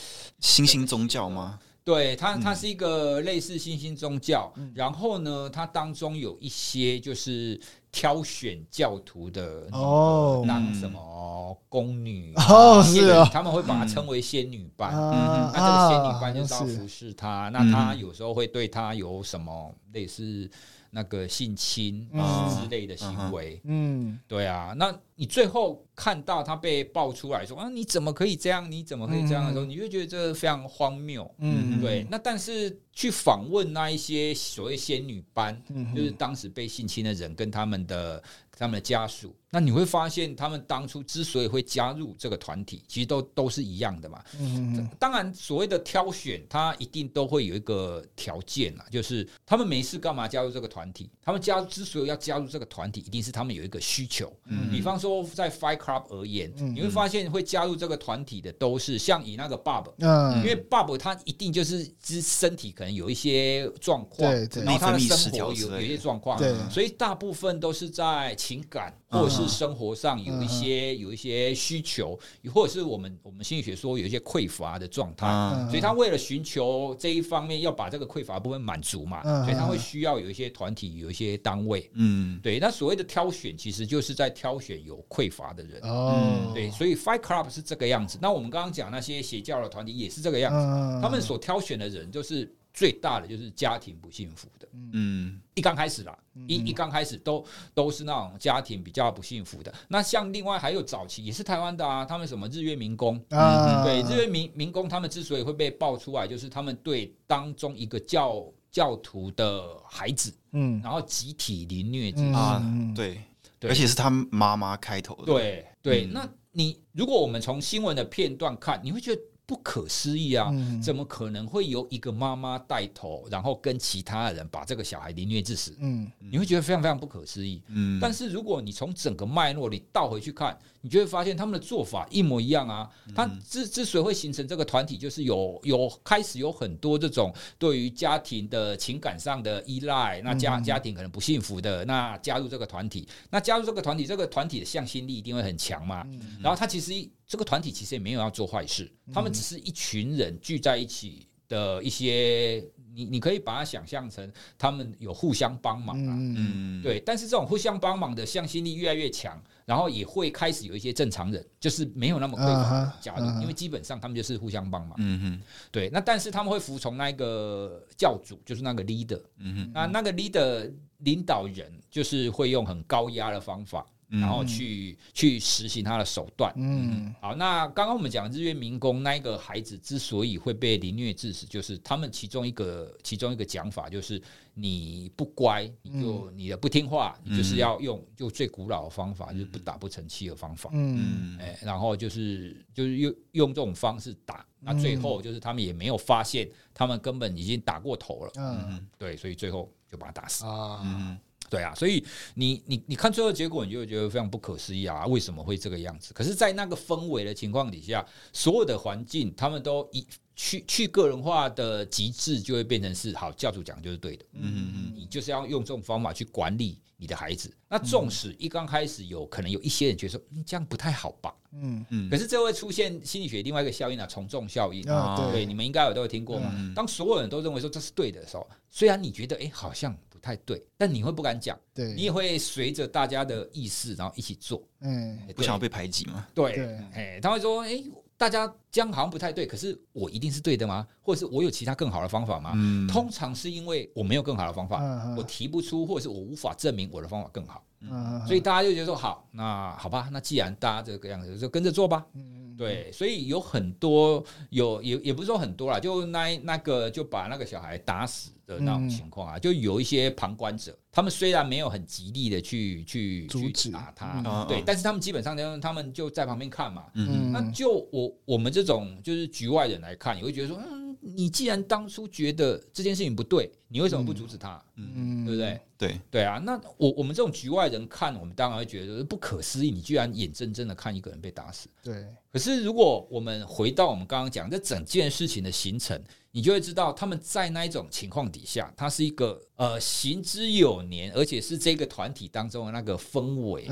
[SPEAKER 1] 新興宗教嗎？對它，它是一個類似新興宗教。嗯、然後呢，它當中有一些就是挑選教徒的、那個、哦，嗯、那什麼宮女、啊、哦，是哦，他們會把她稱為仙女班。那這個仙女班就是要服侍他，是那他有時候會對他有什麼類似。那個性侵之類的行為，嗯，對啊，那你最後看到他被爆出來說、嗯、啊，你怎麼可以這樣？你怎麼可以這樣的時候，你就覺得這非常荒謬，嗯，對。那但是去訪問那一些所謂仙女班，嗯、哼就是當時被性侵的人跟他們的他們的家屬。那你會發現，他們當初之所以會加入這個團體，其實都都是一樣的嘛。嗯，當然所謂的挑選，他一定都會有一個條件啊，就是他們沒事幹嘛加入這個團體？他們加入之所以要加入這個團體，一定是他們有一個需求。嗯，比方說在 Fight Club 而言，嗯、你會發現會加入這個團體的都是像以那個 Bob，嗯，因為 Bob 他一定就是之身體可能有一些狀況，對對，然後他的生活有有一些狀況，對，所以大部分都是在情感、嗯、或。是生活上有一些、嗯嗯、有一些需求，或者是我們我們心理學說有一些匱乏的狀態，嗯、所以他為了尋求這一方面，要把這個匱乏部分滿足嘛，嗯、所以他會需要有一些團體，有一些單位，嗯，對。那所謂的挑選，其實就是在挑選有匱乏的人，嗯，對。所以 Fight Club 是這個樣子。那我們剛剛講那些邪教的團體也是這個樣子，嗯、他們所挑選的人就是。最大的就是家庭不幸福的，
[SPEAKER 3] 嗯，
[SPEAKER 1] 一剛開始啦，一一剛開始都都是那種家庭比較不幸福的。那像另外還有早期也是台灣的啊，他們什麼日月民工、明功啊、嗯，對日月明明功，他們之所以會被爆出來，就是他們對當中一個教教徒的孩子，嗯，然後集體凌虐，啊，對，而且是
[SPEAKER 4] 他媽媽開頭的，對對。那
[SPEAKER 1] 你如果我們從新聞的片段看，你會覺得？不可思議啊！嗯、怎麼可能會由一個媽媽帶頭，然後跟其他人把這個小孩凌虐致死？嗯、你會覺得非常非常不可思議。嗯、但是如果你從整個脈絡裡倒回去看，你就會發現他們的做法一模一樣啊。他之、嗯、之所以會形成這個團體，就是有有開始有很多這種對於家庭的情感上的依賴。那家家庭可能不幸福的，那加入這個團體，那加入這個團體，這個團體的向心力一定會很強嘛。嗯嗯、然後他其實這個團體其實也沒有要做壞事，他們只是一群人聚在一起的一些，嗯、哼你你可以把它想象成他們有互相幫忙
[SPEAKER 3] 啊、嗯嗯，
[SPEAKER 1] 對。但是這種互相幫忙的向心力越來越強，然後也會開始有一些正常人，就是沒有那麼規整、假的、啊哈，因為基本上他們就是互相幫
[SPEAKER 3] 忙。嗯、哼
[SPEAKER 1] 對，那但是他們會服從那個教主，就是那個 leader。嗯哼，那，那個 leader 領導人就是會用很高壓的方法。然後去、嗯、去實行他的手段。嗯，好，那剛剛我們講的日月明功那一個孩子之所以會被凌虐致死，就是他們其中一個其中一個講法就是你不乖，你就、嗯、你的不聽話，你就是要用就最古老的方法，嗯、就是不打不成器的方法。嗯、哎，然後就是就是用用這種方式打，那最後就是他們也沒有發現，他們根本已經打過頭了。嗯，對，所以最後就把他打死啊。嗯嗯對啊，所以你你你看最後結果，你就會覺得非常不可思議啊！為什麼會這個樣子？可是，在那個氛圍的情況底下，所有的環境他們都一去去個人化的極致，就會變成是好，教主講就是對的。
[SPEAKER 3] 嗯
[SPEAKER 1] 嗯，你就是要用這種方法去管理你的孩子。那縱使一剛開始有、嗯、可能有一些人覺得說，嗯、這樣不太好吧？嗯嗯。嗯，可是這會出現心理學另外一個效應啊，從眾效應啊。對，對，你們應該有都有聽過嘛。嗯、當所有人都認為說這是對的時候，雖然你覺得哎、欸，好像。不太對，但你會不敢講，對你也會隨着大家的意思，然後一起做，
[SPEAKER 2] 嗯
[SPEAKER 4] 對，不想要被排擠嘛？對，哎對、
[SPEAKER 1] 欸，他會說，哎、欸，大家這樣好像不太對，可是我一定是對的嗎？或者是我有其他更好的方法嗎？嗯、通常是因為我沒有更好的方法，嗯、我提不出，或者是我無法證明我的方法更好，嗯嗯、所以大家就覺得說，好，那好吧，那既然大家這個樣子，就跟着做吧，嗯。對，所以有很多有也也不是說很多啦，就那那個就把那個小孩打死的那種情況啊，嗯、就有一些旁觀者，他們雖然沒有很極力的去去持去打他，嗯、對，但是他們基本上他們就在旁邊看嘛，嗯、那就我我們這種就是局外人來看，也會覺得說嗯。你既然當初覺得這件事情不對，你為什麼不阻止他？嗯，嗯嗯，對不對？對對啊，那我我們這種局外人看，我們當然會覺得不可思議，你居然眼睜睜的看一個人被打死。對，可是如果我們回到我們剛剛講的這整件事情的形成。你就會知道他們在那一種情況底下，他是一個呃行之有年，而且是這個團體當中的那個氛圍，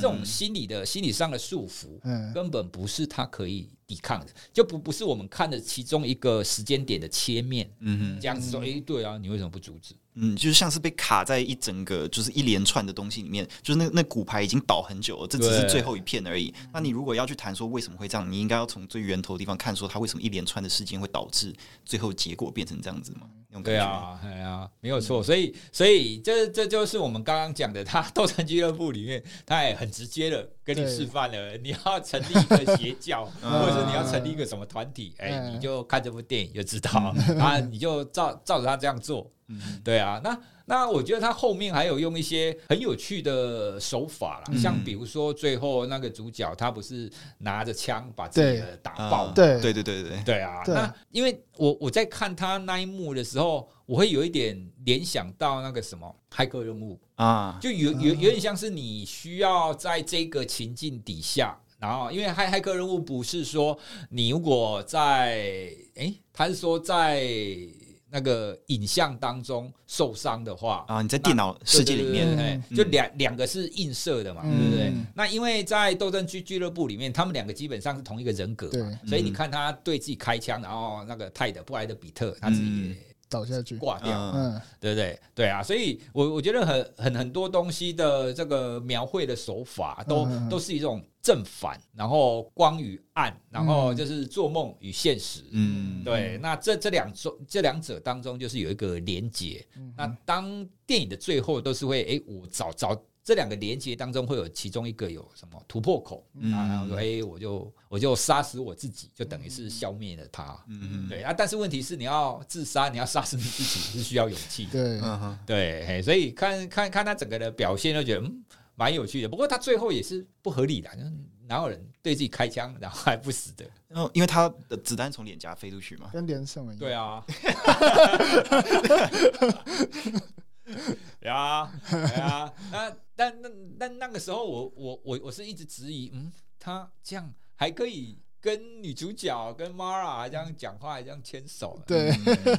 [SPEAKER 1] 這種心理的心理上的束縛，根本不是他可以抵抗的，就不不是我們看的其中一個時間點的切面。嗯嗯，這樣子說，哎，對啊，你為什麼不阻止？嗯，就是像是被卡
[SPEAKER 4] 在一整個就是一連串的東西裡面，就是那那骨牌已經倒很久了，這只是最後一片而已。對那你如果要去談說為什麼會這樣，你應該要從最源頭的地方看，說他為什麼一連串的事件會導致最後結果變成這樣子嘛？對啊，對
[SPEAKER 1] 啊，沒有錯。嗯、所以，所以這這就是我們剛剛講的，他鬥陣俱樂部裡面，他也很直接的跟你示範了，對你要成立一個邪教， (laughs) 或者你要成立一個什麼團體，哎，你就看這部電影就知道，嗯、然後你就照照着他這樣做。嗯、對啊，那那我覺得他後面還有用一些很有趣的手法啦，嗯、像比如說最後那個主角他不是拿着槍把自己的打爆嗎？嗯、對，對對對對對，對，對啊，對，那因為我我在看他那一幕的時候，我會有一點聯想到那個什麼駭客任務
[SPEAKER 4] 啊，就有有
[SPEAKER 1] 有點像是你需要在這個情境底下，嗯、然後因為駭駭客任務不是說你如果在，哎，他是說在。那個影像當中受傷的話啊，你
[SPEAKER 4] 在電腦世界裡面，
[SPEAKER 1] 就兩兩、嗯、個是映射的嘛，嗯、對不對？對？那因為在鬥陣俱俱樂部裡面，他們兩個基本上是同一個人格嘛，對、嗯、所以你看他對自己開槍，然後那個泰德布萊德彼
[SPEAKER 2] 特他自己也、嗯。倒下去掛掉，嗯、
[SPEAKER 1] 對不對？對啊，所以我我覺得很很很多東西的這個描繪的手法都，都、嗯、都是一種正反，然後光與暗，然後就是做夢與現實。嗯，對。那這這兩這這兩者當中，就是有一個連結。嗯、那當電影的最後，都是會哎，我找找。這兩個連接當中，會有其中一個有什麼突破口？嗯、
[SPEAKER 3] 然後說：“欸、
[SPEAKER 1] 我就我就殺死我自己，就等於是消滅了他。嗯”嗯對啊。但是問題是，你要自殺，你要殺死你自己， (laughs) 是需要勇氣。
[SPEAKER 2] 對，嗯、
[SPEAKER 1] 哼對，所以看看看他整個的表現，就覺得、嗯、蠻有趣的。不過他最後也是不合理的，哪有人對自己開槍然後還不死的、哦？因為他的子彈從臉頰飛出去嘛，
[SPEAKER 4] 跟
[SPEAKER 2] 連勝一樣。對啊。 (laughs) (laughs) 呀，
[SPEAKER 1] 呀、 (laughs) 啊啊，那、那、那、那那個時候，我、我、我、我是一直質疑，嗯，他這樣還可以跟女主角跟 Marla 這樣講話，這樣牽手對、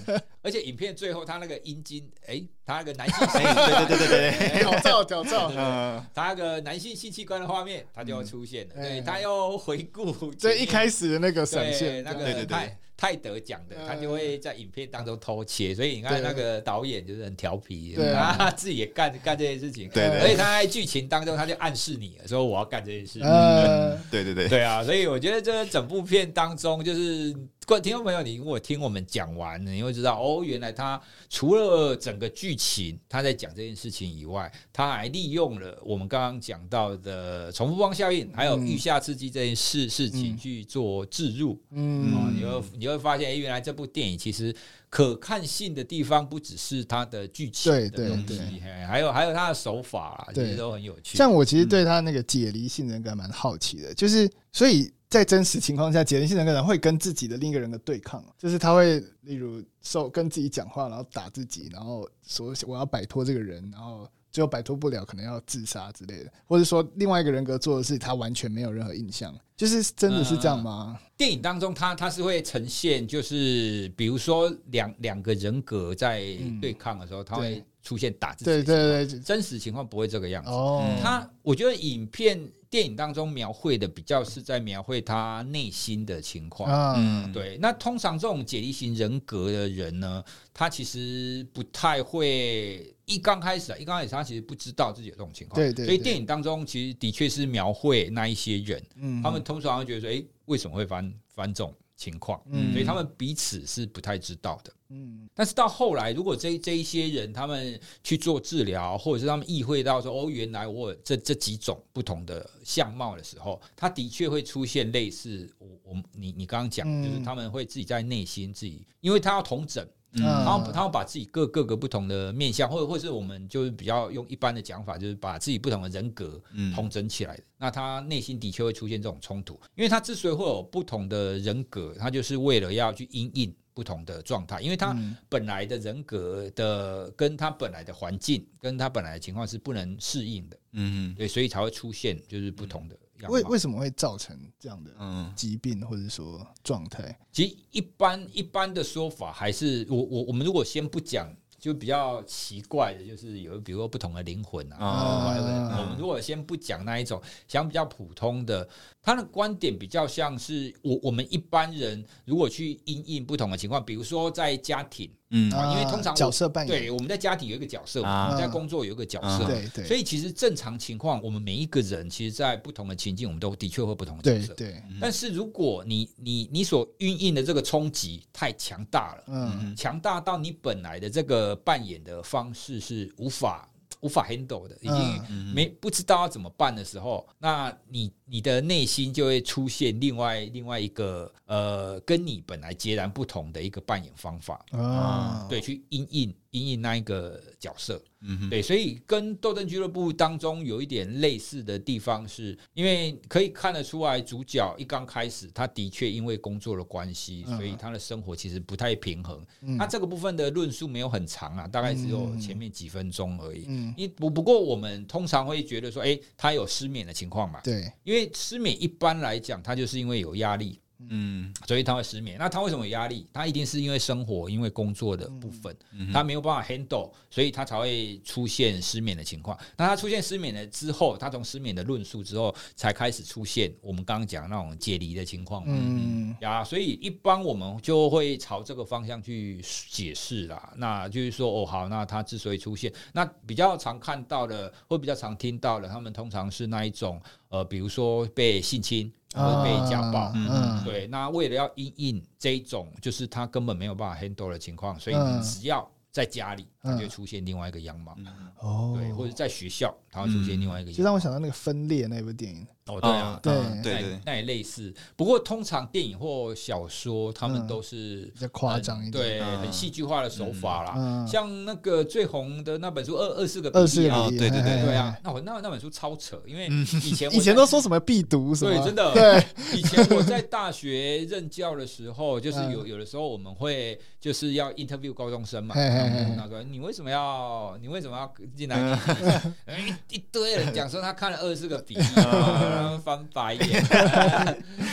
[SPEAKER 1] 嗯，而且影片最後他那個陰莖，哎，他那個男性，性器官， (laughs) 對對對對對，
[SPEAKER 2] 屌 (laughs) 照屌照 (laughs) 對對對，
[SPEAKER 1] 他那個男性性器官的畫面，他就要出現了，嗯、對，他要回顧，就一
[SPEAKER 2] 開始的那個閃現，那個對對對。
[SPEAKER 1] 太得獎的，他就會在影片當中偷竊，呃、所以你看那個導演就是很調皮，對他自己也幹幹這些事情，對、呃、而且他在劇情當中，他就暗示你了，說我要幹這些事，呃嗯、對對對。對啊，所以我覺得這整部片當中就是。觀眾朋友，你如果聽我們講完，你會知道哦，原來他除了整個劇情他在講這件事情以外，他還利用了我們剛剛講到的重複曝光效應，還有閾下刺激這件事事情、嗯、去做置入。嗯，
[SPEAKER 2] 嗯
[SPEAKER 1] 你會你會發現、欸，原來這部電影其實可看性的地方不只是它的劇
[SPEAKER 2] 情的東西，對對
[SPEAKER 1] 對，還有還有它的手法、啊，對其實都很有趣。像我其實
[SPEAKER 2] 對他那個解離性人格蠻好奇的，嗯、就是所以。在真實情況下，解離性人格可能會跟自己的另一個人的對抗，就是他會例如受跟自己講話，然後打自己，然後說我要擺脫這個人，然後最後擺脫不了，可能要自殺之類的，或者說另外一個人格做的事，他完全沒有任何印象。就是真的是這樣嗎？嗯、
[SPEAKER 1] 電影當中，他他是會呈現，就是比如說兩兩個人格在對抗的時候，他、嗯、會出現打自己的對。對對對，真實情況不會這個樣子。他、哦嗯、我覺得影片。電影當中描繪的比較是在描繪他內心的情況。嗯，對。那通常這種解離型人格的人呢，他其實不太會一剛開始啊，一剛開始他其實不知道自己有這種情況。對，對對。所以電影當中其實的確是描繪那一些人，嗯，他們通常會覺得說：“誒，為什麼會翻翻這種情況？”嗯，所以他們彼此是不太知道的。嗯，但是到後來，如果這一這一些人他們去做治療，或者是他們意會到說，哦，原來我有這這幾種不同的相貌的時候，他的確會出現類似我我你你剛剛講，嗯、就是他們會自己在內心自己，因為他要統整，嗯、他他要把自己各各個不同的面向，或者或者是我們就是比較用一般的講法，就是把自己不同的人格統整起來、嗯、那他內心的確會出現這種衝突，因為他之所以會有不同的人格，他就是為了要去因應。不同的狀態，因為他本來的人格的跟他本來的環境跟他本來的情況是不能適應的，嗯，對，所以才會出現就是不同的樣貌。為為什
[SPEAKER 2] 麼會造成這樣的嗯疾病或者說狀態？其實一般一
[SPEAKER 1] 般的說法還是我我我們如果先不講。就比較奇怪的，就是有比如說不同的靈魂啊。嗯嗯嗯、我們如果先不講那一種，想比較普通的，他的觀點比較像是我我們一般人如果去因應不同的情況，比如說在家庭。嗯、啊、因為通常角色扮演，對我們在家庭有一個角色，啊、我們在工作有一個角色，啊、對，對對。所以其實正常情況，我們每一個人其實，在不同的情境，我們都的
[SPEAKER 2] 確會不同的角色。對，對，對，
[SPEAKER 1] 嗯、但是如果你你你所運用的這個衝擊太強大了，嗯，嗯、強大到你本來的這個扮演的方式是無法無法 handle 的，已經沒不知道要怎麼辦的時候，那你。你的內心就會出現另外另外一個呃，跟你本來截然不同的一個扮演方法啊、oh. 嗯，對，去陰影陰影那一個角色，嗯、mm，hmm. 對，所以跟《鬥陣俱樂部》當中有一點類似的地方是，是因為可以看得出來，主角一剛開始，他的確因為工作的關係，所以他的生活其實不太平衡。他、uh huh. 這個部分的論述沒有很長啊，大概只有前面幾分鐘而已。嗯、mm，因、hmm. 不不過我們通常會覺得說，哎、欸，他有失眠的情況嘛？對、mm，hmm. 因為。因為失眠一般來講，它就是因為有壓力。嗯，所以他會失眠。那他為什麼有壓力？他一定是因為生活、因為工作的部分，嗯嗯、他沒有辦法 handle，所以他才會出現失眠的情況。那他出現失眠了之後，他從失眠的論述之後，才開始出現我們剛剛講那種解離的情況、嗯嗯。嗯呀，所以一般我們就會朝這個方向去解釋啦。那就是說，哦，好，那他之所以出現，那比較常看到的，或比較常聽到的，他們通常是那一種，呃，比如說被性侵。會被家暴，嗯嗯，嗯對。那為了要因應這一種就是他根本沒有辦法 handle 的情況，所以你只要在家裡，嗯他就出現另外一個樣貌，哦，對，或者在學校，他會出現另外一個樣貌。
[SPEAKER 2] 就讓我想到那個分裂那部電影哦，對啊，對對對，
[SPEAKER 1] 那也類似。不過通常電影或小說，他們都是比較
[SPEAKER 2] 誇張一點，對，很戲
[SPEAKER 1] 劇化的手法啦。像那個最紅的那本書《二二四》個比利啊，對對對對啊，那我那那本書超扯，因為以前以前都說什麼必讀什麼，對，真的對。以前我在大學任教的時候，就是有有的時候我們會就是要 interview 高中生嘛，你為什麼要？你為什麼要進來一、嗯一？一堆人講說他看了二十個鼻啊，嗯嗯、翻白眼，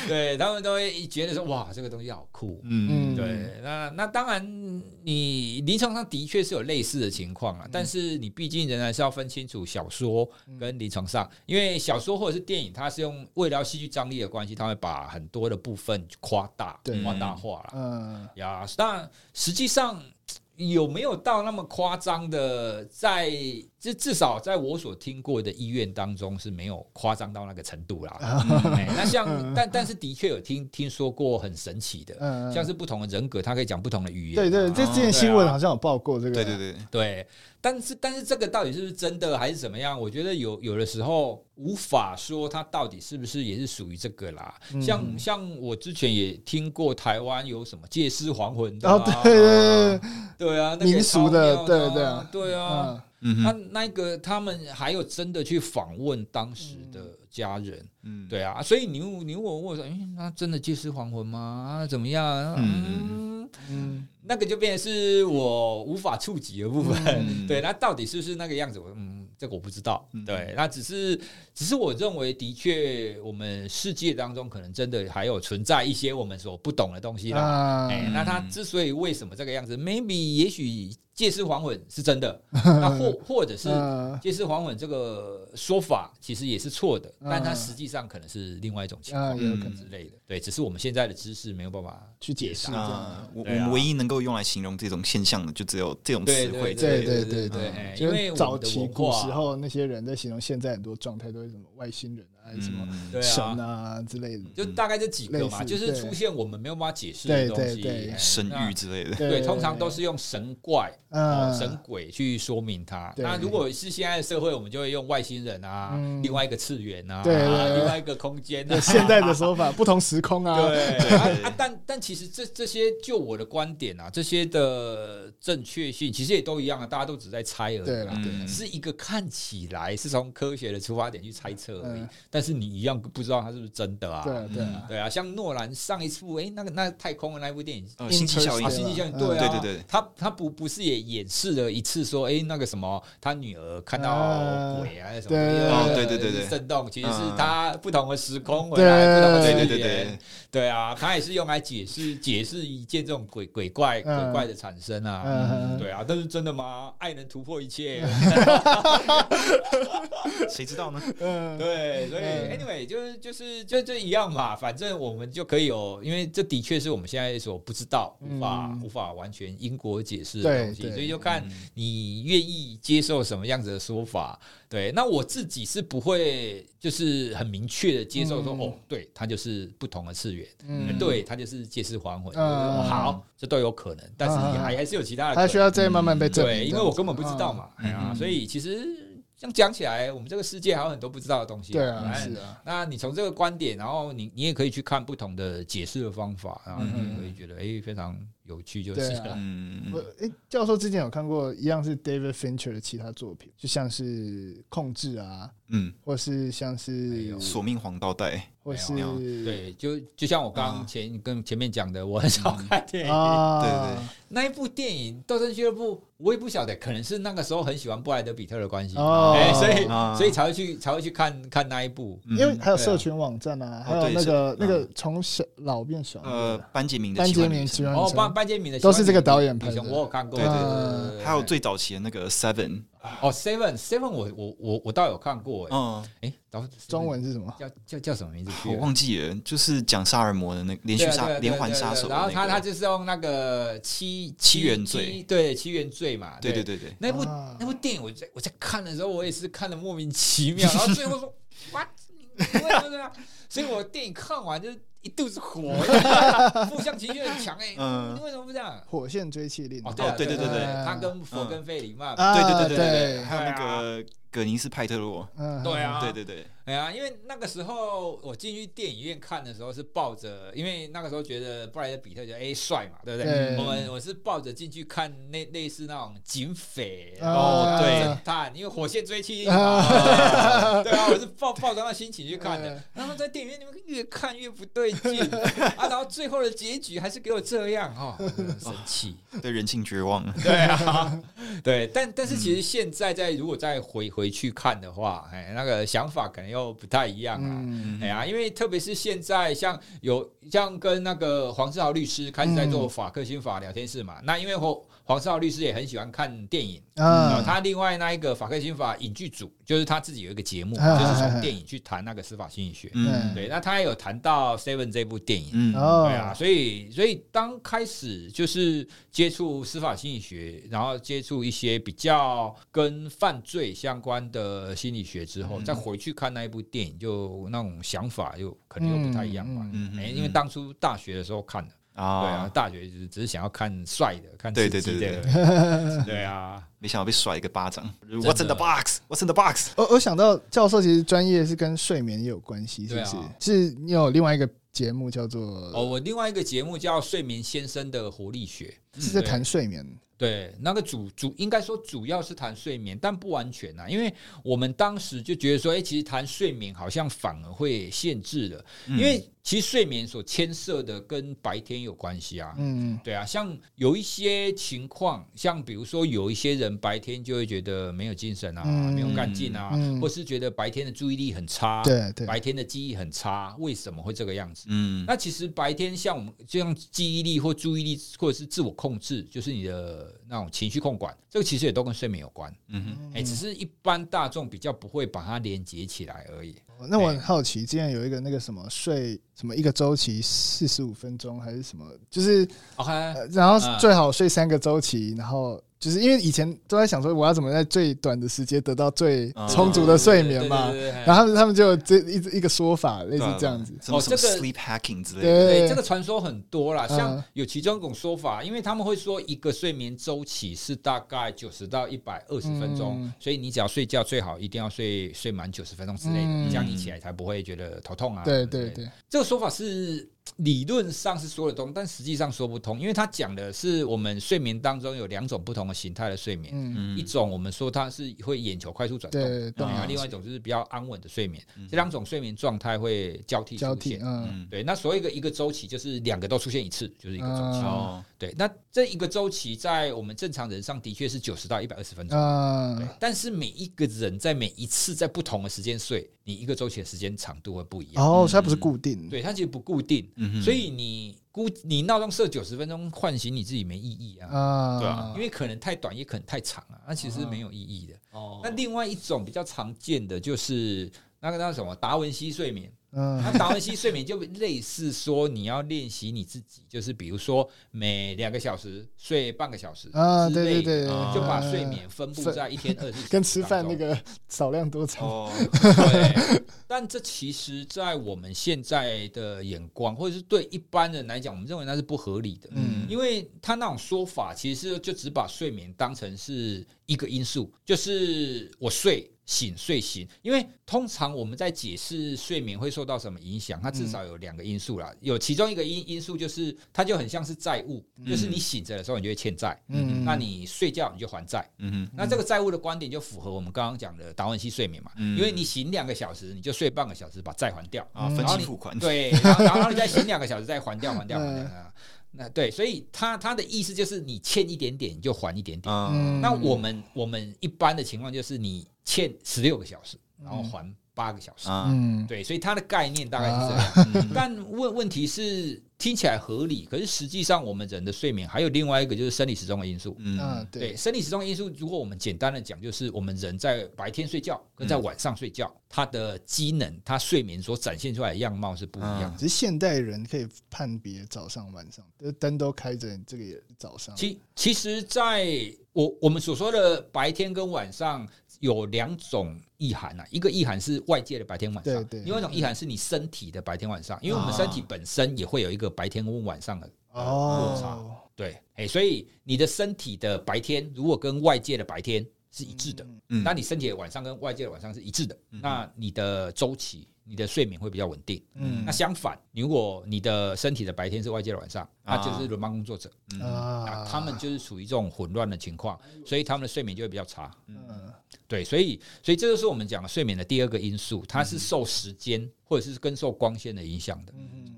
[SPEAKER 1] 對，他們都會覺得說哇，這個東西好酷，嗯，對。那那當然你，你臨床上的確是有類似的情況啊，嗯、但是你畢竟仍然是要分清楚小說跟臨床上，嗯、因為小說或者是電影，它是用為了戲劇張力的關係，它會把很多的部分誇大、誇、嗯、大化
[SPEAKER 2] 了，
[SPEAKER 1] 嗯呀，當然實際上。有沒有到那麼誇張的在？就至少在我所聽過的醫院當中是沒有誇張到那個程度啦、 (laughs) (laughs) 哎。那像，但但是的確有聽聽說過很神奇的，嗯、像是不同的人格，他可以講不同的語言。對，對對，這件、嗯、新聞好
[SPEAKER 2] 像有報過這個、啊。對對對
[SPEAKER 1] 對，對，但是但是這個到底是不是真的還是怎麼樣？我覺得有有的時候無法說他到底是不是也是屬於這個啦。嗯、像像我之前也聽過台灣有什麼借屍還魂的、啊啊、對對，對，啊
[SPEAKER 2] 對啊，民、那、俗、個、的，對，對對啊，對啊。嗯
[SPEAKER 1] 那、嗯啊、那個，他們還有真的去訪問當時的家人，嗯、對啊，所以你問你問我，我說，哎、欸，那真的就是借屍還魂嗎、啊？怎麼樣？嗯，嗯那個就變成是我無法觸及的部分。嗯、對，那到底是不是那個樣子？我嗯，這個我不知道。嗯、對，那只是只是我認為，的確，我們世界當中可能真的還有存在一些我們所不懂的東西的、啊欸。那他之所以為什麼這個樣子？maybe 也許。借屍還魂是真的，那或或者是借屍還魂這個說法其實也是錯的，但它實際上可能是另外一種情況之類的。對，只是我們現在的知識沒有辦法去解釋。啊，我我們唯一
[SPEAKER 4] 能夠用來形容這種現象的，就只有這種詞彙。對對對對，因
[SPEAKER 2] 為早期古時候那些人在形容現在很多狀態，都是什麼外星人。什麼神啊之類的，就大概這幾個嘛，就是出現
[SPEAKER 1] 我們沒有辦法解釋的東西，神域之類的，對，通常都是用神怪、神鬼去說明它。那如果是現在的社會，我們就會用外星人啊，另外一個次元啊，對啊，另外一個空間啊，現在
[SPEAKER 2] 的說法不同時空啊。對
[SPEAKER 1] 啊，但但其實這這些，就我的觀點啊，這些的正確性其實也都一樣啊，大家都只在猜而已啦，是一個看起來是從科學的出發點去猜測而已。但是你一樣不知道他是不是真的啊？對啊！像諾蘭上一次部哎、欸，那個那太空的那一部電影《星際效應》哦，星際效應對對、啊、對他他不不是也演示了一次說哎、欸、那個什麼他女兒看到鬼啊、呃、什麼？哦對對對對，震動其實是他不同的時空回來，對對對對對啊！他也是用來解釋解釋一件這種鬼鬼怪鬼怪的產生啊，對啊，但是真的嗎？愛能突破一切，誰 (laughs) 知道呢？呃、對，所以。Anyway，就是就是就就一樣嘛，反正我們就可以有，因為這的確是我們現在所不知道、無法無法完全因果解釋的東西，所以就看你願意接受什麼樣子的說法。對，那我自己是不會就是很明確的接受說，哦，對，它就是不同的次元，嗯，對，它就是借屍還魂，好，這都有可能，但是你還還是有其他的，它需要再慢慢被證明。對，因為我根本不知道嘛，哎呀，所以其實。像講起來，我們這個世界還有很多不知道的東西。對啊，嗯、是啊。那你從這個觀點，然後你你也可以去看不同的解釋的方法，然後你就可以覺得哎、嗯哼欸、非常有趣，
[SPEAKER 2] 就是了、啊。嗯。我、欸、教授之前有看過一樣是 David Fincher 的其他作品，就像是《控制》啊，嗯，或是像是有、嗯《索命黃道帶》。我是
[SPEAKER 1] 對，就就像我剛剛前，跟前面講的，我很少看電影。對對，那一部電影《鬥陣俱樂部》，我也不曉得，可能是那個時候很喜歡布萊德彼特的關係，所以所以才會去才會去看看那一部。因為還有社
[SPEAKER 2] 群網站啊，還有那個那個從小老變小，呃，班傑明的班傑明，哦，班班傑明的都是這個導演拍的，我有看過。對對對，
[SPEAKER 4] 還有最早期的那個 Seven。哦、oh,，Seven
[SPEAKER 1] Seven，我我我我倒有看過，哎、嗯，哎、欸，然後中文是什麼？叫叫叫什麼名字？我忘記
[SPEAKER 4] 了，就是講殺人魔的那個、連續殺、啊啊、連環殺手、那個對對對對對，然後他他
[SPEAKER 1] 就是用那個七七原七原罪，對七原罪嘛，對對，對對對，那部、啊、那部電影我在我在看的時候，我也是看的莫名其妙，然後最後說，What， (laughs) 對對對，所以我電影看完就一肚子火，互 (laughs) 相情緒很強哎， (laughs) 嗯、
[SPEAKER 2] 你為什麼不像火線追緝令？哦、對、啊、對、啊、對對、啊嗯、他跟佛、嗯、跟費里嘛，對對對對對，還有那
[SPEAKER 1] 個。哎
[SPEAKER 4] 葛尼斯派特洛，嗯，對啊，對對對，
[SPEAKER 1] 哎呀，因為那個時候我進去電影院看的時候是抱着，因為那個時候覺得布萊德彼特就哎帥嘛，對不對？我們我是抱着進去看那類似那種警匪哦，對，他因為火線追擊，對啊，我是抱抱着那心情去看的。然後在電影院裡面越看越不對勁啊，然後最後的結局還是給我這樣哦。生氣，對人性絕望，
[SPEAKER 4] 對
[SPEAKER 1] 啊，對，但但是其實現在在如果再回。回去看的話，哎，那個想法可能又不太一樣啊，嗯、哎呀，因為特別是現在像有像跟那個黃志豪律師開始在做法克心法聊天室嘛，嗯、那因為我。黃少律師也很喜歡看電影，然後他另外那一個法克新法影劇組，就是他自己有一個節目，就是從電影去談那個司法心理學。對，那他也有談到《Seven》這部電影。對啊，所以所以當開始就是接觸司法心理學，然後接觸一些比較跟犯罪相關的心理學之後，再回去看那一部電影，就那種想法就可能又不太一
[SPEAKER 3] 樣了。因為
[SPEAKER 1] 當初大學的時候看的。啊，oh. 對啊，大學就是只是想要看帥的，看刺激的，對啊，沒想到被甩一個巴掌。What's in the box? What's
[SPEAKER 2] in the box? 我我想到教授其實專業是跟睡眠也有關係，是不是？啊、是，你有另外一個節目叫做
[SPEAKER 1] 哦，我另外一個節目叫《睡眠先生的活力學》，
[SPEAKER 2] 是在談睡眠。嗯、對，
[SPEAKER 1] 對，那個主主應該說主要是談睡眠，但不完全吶、啊，因為我們當時就覺得說，哎、欸，其實談睡眠好像反而會限制的，嗯、因為。其實睡眠所牽涉的跟白天有關係啊，嗯，對啊，像有一些情況，像比如說有一些人白天就會覺得沒有精神啊，沒有幹勁啊，或是覺得白天的注意力很差，對，白天的記憶很差，為什麼會這個樣子？嗯，那其實白天像我們，就像記憶力或注意力，或者是自我控制，就是你的那種情緒控管，這個其實也都跟睡眠有關，嗯哼，哎，只是一般大眾比較不會把它連結起來而已。
[SPEAKER 2] 那我很好奇，之前有一個那個什麼睡什麼一個週期四十五分鐘還是什麼，就是 Okay.、呃、然後最好睡三個週期，嗯、然後。就是因為以前都在想說，我要怎麼在最短的時間得到最充足的睡眠嘛。然後他們就有一個說法，類似這樣子，什麼什麼 sleep hacking 之類的。對，這個
[SPEAKER 1] 傳說很多啦，像有其中一種說法，因為他們會說一個睡眠週期是大概九十到一百二十分鐘，所以你只要睡覺最好一定要睡睡滿九十分鐘之類的，這樣你起來才不會覺得頭痛啊。對對對，這個說法是。理論上是說得通，但實際上說不通，因為他講的是我們睡眠當中有兩種不同的形態的睡眠，嗯、一種我們說它是會眼球快速轉動，對對嗯、另外一種就是比較安穩的睡眠，這兩、嗯嗯、種睡眠狀態會交替出現交替、嗯嗯，對。那所有一個一個周期就是兩個都出現一次，就是一個周期，嗯、對。那這一個周期在我們正常人上的確是九十到一百二十分
[SPEAKER 2] 鐘、嗯，但是每
[SPEAKER 1] 一個人在每一次在不同的時間睡，你一個周期的時間長度會不一樣，哦，所以它不是固定，嗯、對，它其實不固定。嗯哼，所以你估你鬧鐘設九十分鐘喚醒你自己沒意義啊，啊對啊，因為可能太短也可能太長啊，那其實沒有意義的。哦，那另外一種比較常見的就是那個叫什麼達文西睡眠。嗯，他達、 (laughs) 啊、文西睡眠就類似說，你要練習你自己， (laughs) 就是比如說每兩個小時睡半個小時啊，對對對，就把睡眠分布在一天二十， (laughs) 跟吃
[SPEAKER 2] 飯那個少量多餐哦。對，
[SPEAKER 1] (laughs) 但這其實，在我們現在的眼光，或者是對一般人來講，我們認為那是不合理的。嗯，因為他那種說法，其實就只把睡眠當成是一個因素，就是我睡。醒睡醒，因為通常我們在解釋睡眠，會受到什麼影響，它至少有兩個因素啦。嗯、有其中一個因因素就是，它就很像是債務，就是你醒着的時候你就會欠債，嗯，嗯那你睡覺你就還債、嗯嗯，嗯，那這個債務的觀點就符合我們剛剛講的達文西睡眠嘛，嗯，因為你醒兩個小時你就睡半個小時把債還掉啊，分期付款，對，然後然後你再醒兩個小時再還掉還掉、嗯、還掉。還掉還掉還掉那對，所以他他的意思就是你欠一點點就還一點點。嗯，那我們我們一般的情況就是你欠十六個小時，然後還。嗯八個小時嗯，對，所以它的概念大概是這樣。嗯、但問問題是，聽起來合理， (laughs) 可是實際上我們人的睡眠還有另外一個，就是生理時鐘的因素。嗯，那對，對，生理時鐘因素，如果我們簡單的講，就是我們人在白天睡覺跟在晚上睡覺，嗯、它的機能、它睡眠所展現出來的樣貌是
[SPEAKER 2] 不一樣。其實現代人可以判別早上晚上，燈都開着，這個也早上。
[SPEAKER 1] 其其實，在我我們所說的白天跟晚上。有兩種意涵，呐、啊，一個意涵是外界的白天晚上，對，另外一種意涵是你身體的白天晚上，嗯、因為我們身體本身也會有一個白天跟晚上的落差，哦、對，哎，所以你的身體的白天如果跟外界的白天是一致的，嗯、那你身體的晚上跟外界的晚上是一致的，嗯、那你的週期。你的睡眠會比較穩定，嗯，那相反，如果你的身體的白天是外界的晚上，嗯、那就是輪班工作者，嗯嗯、啊，他們就是處於這種混亂的情況，所以他們的睡眠就會比較差，嗯，嗯對，所以，所以這就是我們講的睡眠的第二個因素，它是受時間，嗯或者是跟受光線的影響的，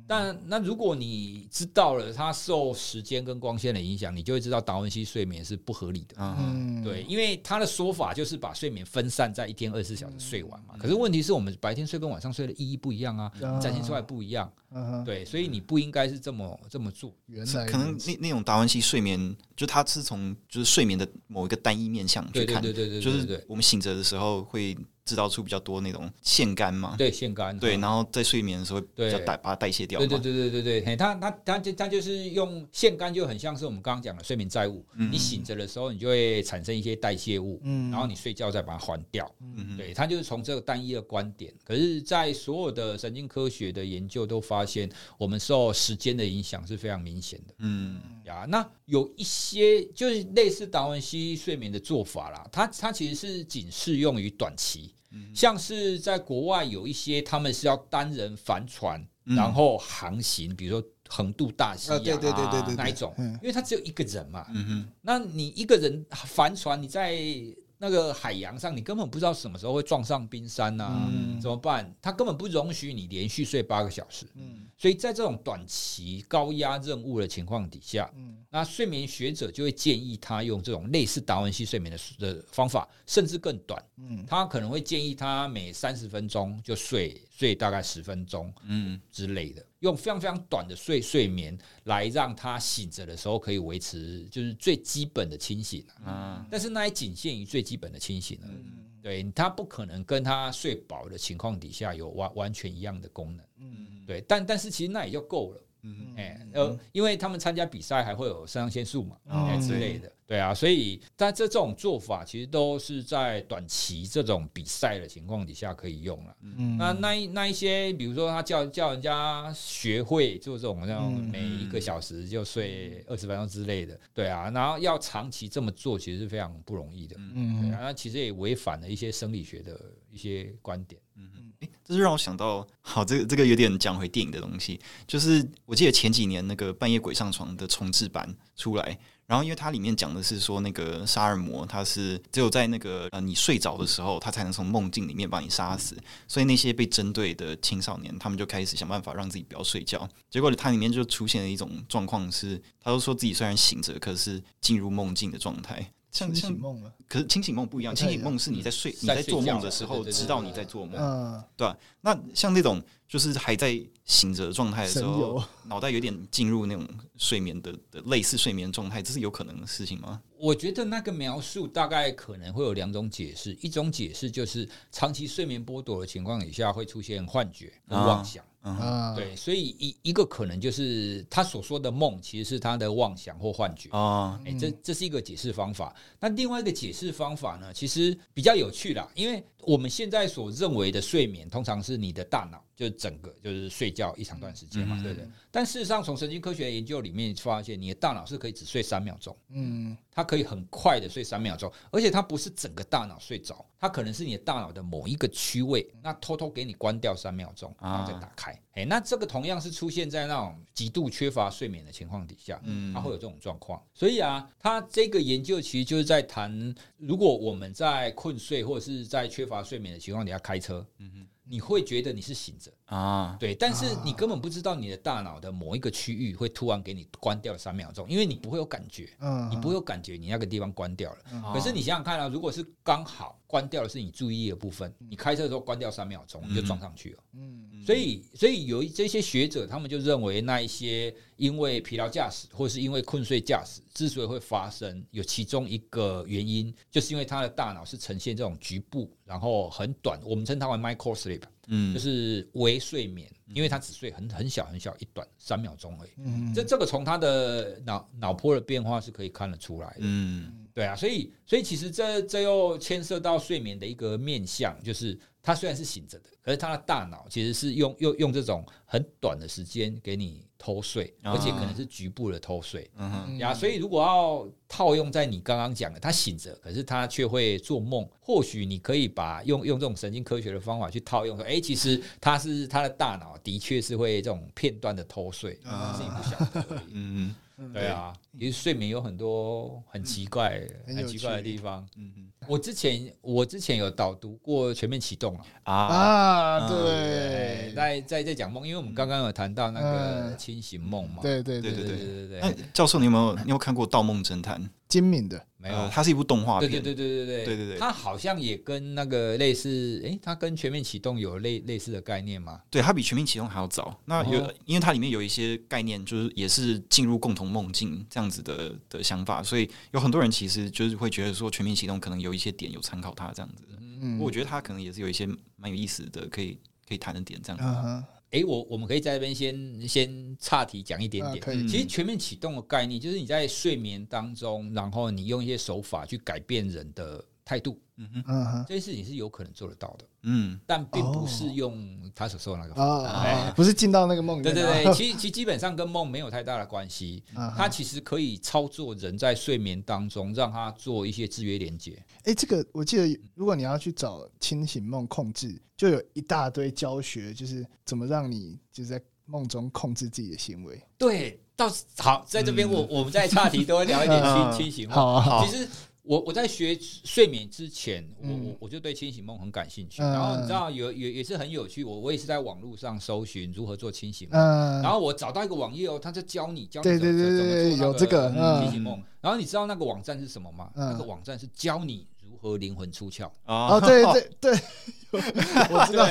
[SPEAKER 1] 但那如果你知道了它受時間跟光線的影響，你就會知道達文西睡眠是不合理的。嗯、對，因為他的說法就是把睡眠分散在一天二十四小時睡完嘛。可是問題是我們白天睡跟晚上睡的意義不一樣啊，展現出來不一樣。嗯、對，所以你不應該是這麼、嗯、這麼做。原來可能
[SPEAKER 4] 那那種達文西睡眠，就他是從就是睡眠的某一個單一面向去看，對對對對對，對，就是我們醒着的時候會。製造出比較多那種腺苷嘛，對，對腺苷，對，然後在睡眠的時候，對，要把它代謝掉。對對對
[SPEAKER 1] 對對對，它它它就它就是用腺苷，就很像是我們剛剛講的睡眠債務。嗯，你醒着的時候，你就會產生一些代謝物，嗯，然後你睡覺再把它還掉。嗯，對，它就是從這個單一的觀點。可是，在所有的神經科學的研究都發現，我們受時間的影響是非常明顯
[SPEAKER 3] 的。
[SPEAKER 1] 嗯，啊，那有一些就是類似達文西睡眠的做法啦，它它其實是僅適用於短期。像是在國外有一些，他們是要單人帆船，嗯、然後航行，比如說橫渡大西洋啊，對對對對對，對，那一種，因為它只有一個人嘛。嗯哼，那你一個人帆船，你在。那個海洋上，你根本不知道什麼時候會撞上冰山吶、啊，嗯、怎麼辦？他根本不容許你連續睡八個小時。嗯，所以在這種短期高壓任務的情況底下，嗯，那睡眠學者就會建議他用這種類似達文西睡眠的的方法，甚至更短。嗯，他可能會建議他每三十分鐘就睡睡大概十分鐘，嗯之類的。嗯用非常非常短的睡睡眠來讓他醒着的時候可以維持就是最基本的清醒、啊，嗯、但是那也僅限於最基本的清醒了、啊，嗯、對，他不可能跟他睡飽的情況底下有完完全一樣的功能，嗯、對，但但是其實那也就夠了，嗯哼，哎、欸，呃，嗯、因為他們參加比賽還會有腎上腺素嘛，欸、之類的。哦對啊，所以但這種做法其實都是在短期這種比賽的情況底下可以用了。嗯，那那那一些，比如說他叫叫人家學會做這種像每一個小時就睡二十分鐘之類的，嗯、對啊，然後要長期這麼做其實是非常不容易的。嗯嗯，對啊，那其實也違反了一些生理學的一些觀點。嗯嗯，
[SPEAKER 4] 哎、嗯，這是讓我想到，好，這個這個有點講回電影的東西，就是我記得前幾年那個半夜鬼上床的重製版出來。然後，因為它裡面講的是說，那個殺人魔他是只有在那個呃你睡着的時候，他才能從夢境裡面把你殺死。所以那些被針對的青少年，他們就開始想辦法讓自己不要睡覺。結果，它裡面就出現了一種狀況，是他都說自己雖然醒着，可是進入夢境的狀態。像像清醒夢，可是清醒夢不一樣。清醒夢是你在睡，你在做夢的時候，知道你在做
[SPEAKER 2] 夢，
[SPEAKER 4] 呃、對、啊、那像那種就是還在醒着狀態的時候，神遊，腦袋有點進入那種睡眠的，類似睡眠狀態，這是有可能的事情嗎？
[SPEAKER 1] 我覺得那個描述大概可能會有兩種解釋，一種解釋就是長期睡眠剝奪的情況以下會出現幻覺和妄想。啊 Uh huh. 對，所以一一個可能就是他所說的夢，其實是他的妄想或幻覺。Uh huh. 欸，這這是一個解釋方法。那另外一個解釋方法呢，其實比較有趣啦，因為。我們現在所認為的睡眠，通常是你的大腦就整個就是睡覺一長段時間嘛，嗯、對不對？但事實上，從神經科學研究裡面發現，你的大腦是可以只睡三秒鐘，嗯，它可以很快的睡三秒鐘，而且它不是整個大腦睡着，它可能是你的大腦的某一個區位，那偷偷給你關掉三秒鐘，然後再打開。啊。哎、欸，那這個同樣是出現在那種極度缺乏睡眠的情況底下，嗯，它會有這種狀況。所以啊，他這個研究其實就是在談，如果我們在困睡或者是在缺乏睡眠的情況底下開車，嗯哼，你會覺得你是醒着。啊，對，但是你根本不知道你的大腦的某一個區域會突然給你關掉了三秒鐘，因為你不會有感覺，嗯、啊，你不會有感覺你那個地方關掉了。啊、可是你想想看啊，如果是剛好關掉的是你注意的部分，你開車的時候關掉三秒鐘，你就撞上去了，嗯，所以，所以有一這些學者，他們就認為那一些因為疲勞駕駛或者是因為困睡駕駛之所以會發生，有其中一個原因就是因為他的大腦是呈現這種局部，然後很短，我們稱它為 microsleep。嗯，就是微睡眠，嗯、因為他只睡很很小很小一短三秒鐘而已。嗯，這這個從他的腦腦波的變化是可以看得出來
[SPEAKER 3] 的。
[SPEAKER 1] 嗯，對啊，所以所以其實這這又牽涉到睡眠的一個面向，就是他雖然是醒着的，可是他的大腦其實是用用用這種很短的時間給你偷睡，而且可能是局部的偷睡，嗯呀、uh huh. 啊，所以如果要套用在你剛剛講的，他醒着，可是他卻會做夢，或許你可以把用用這種神經科學的方法去套用，說，哎，其實他是他的大腦的確是會這種片段的偷睡，自己、uh huh. 不曉得，嗯嗯、uh，huh. 對啊，因、就、為、是、睡眠有很多很奇怪、uh huh. 很，很奇怪的地方，嗯嗯、uh。Huh. 我之前我之前有導讀過《全面啟動》啊啊，對，在在在講夢，因為我們剛剛有談到那個清醒夢嘛、嗯，對對對對對對對,對,對。
[SPEAKER 4] 那教授，你有沒有你有,沒有看過《盜夢偵探》？精明的。沒有、呃，它是一部動畫片。對對對對
[SPEAKER 1] 對對，對，對，對，對它好像也跟那個類似，哎，它跟《全面啟動》有類類似的概念嗎？
[SPEAKER 4] 對，它比《全面啟動》還要早。那有，哦、因為它裡面有一
[SPEAKER 1] 些概念，就是也是進入共同夢境這樣子的的
[SPEAKER 4] 想法，所以有很多人其實就是會覺得說，《全面啟動》可能有一些點有參考它這樣子。
[SPEAKER 3] 嗯、我覺
[SPEAKER 1] 得它可能也是有一些蠻有意思的，可以可以談的點，點這樣子。嗯哎、欸，我我們可以在這邊先先岔題講一點點。啊、吧其實全面啟動的概念，就是你在睡眠當中，然後你用一些手法去改變人的態度。嗯哼，啊、這些事情是有可能做得到的。嗯，但並不是用他所說的那個方法，不是進到那個夢裡面。對對對，其實其實基本上跟夢沒有太大的關係。啊、它其實可以操作人在睡眠當中，讓他做一些制約連接。
[SPEAKER 2] 哎，這個我記得，如果你要去找清醒夢控制。就有一大堆教學，就是怎麼讓你就是在夢中控制自己的行為。對，到好在這邊，我、嗯、我們在岔題，多聊一點清、 (laughs) 嗯、清醒夢。好啊、好。其實
[SPEAKER 1] 我我在學睡眠之前，我我我就對清醒夢很感興趣。嗯、然後你知道，有也也是很有趣。我我也是在網絡上搜尋如何做清醒
[SPEAKER 3] 夢。嗯、然
[SPEAKER 1] 後我找到一個網頁哦，他就教你教對對對對對，那個、有這個、嗯、清醒夢。然後你知道那個網站是什麼嗎？嗯、那個網站是教你，和靈魂出竅啊、哦！對對對，對 (laughs) (laughs) 我
[SPEAKER 2] 知道，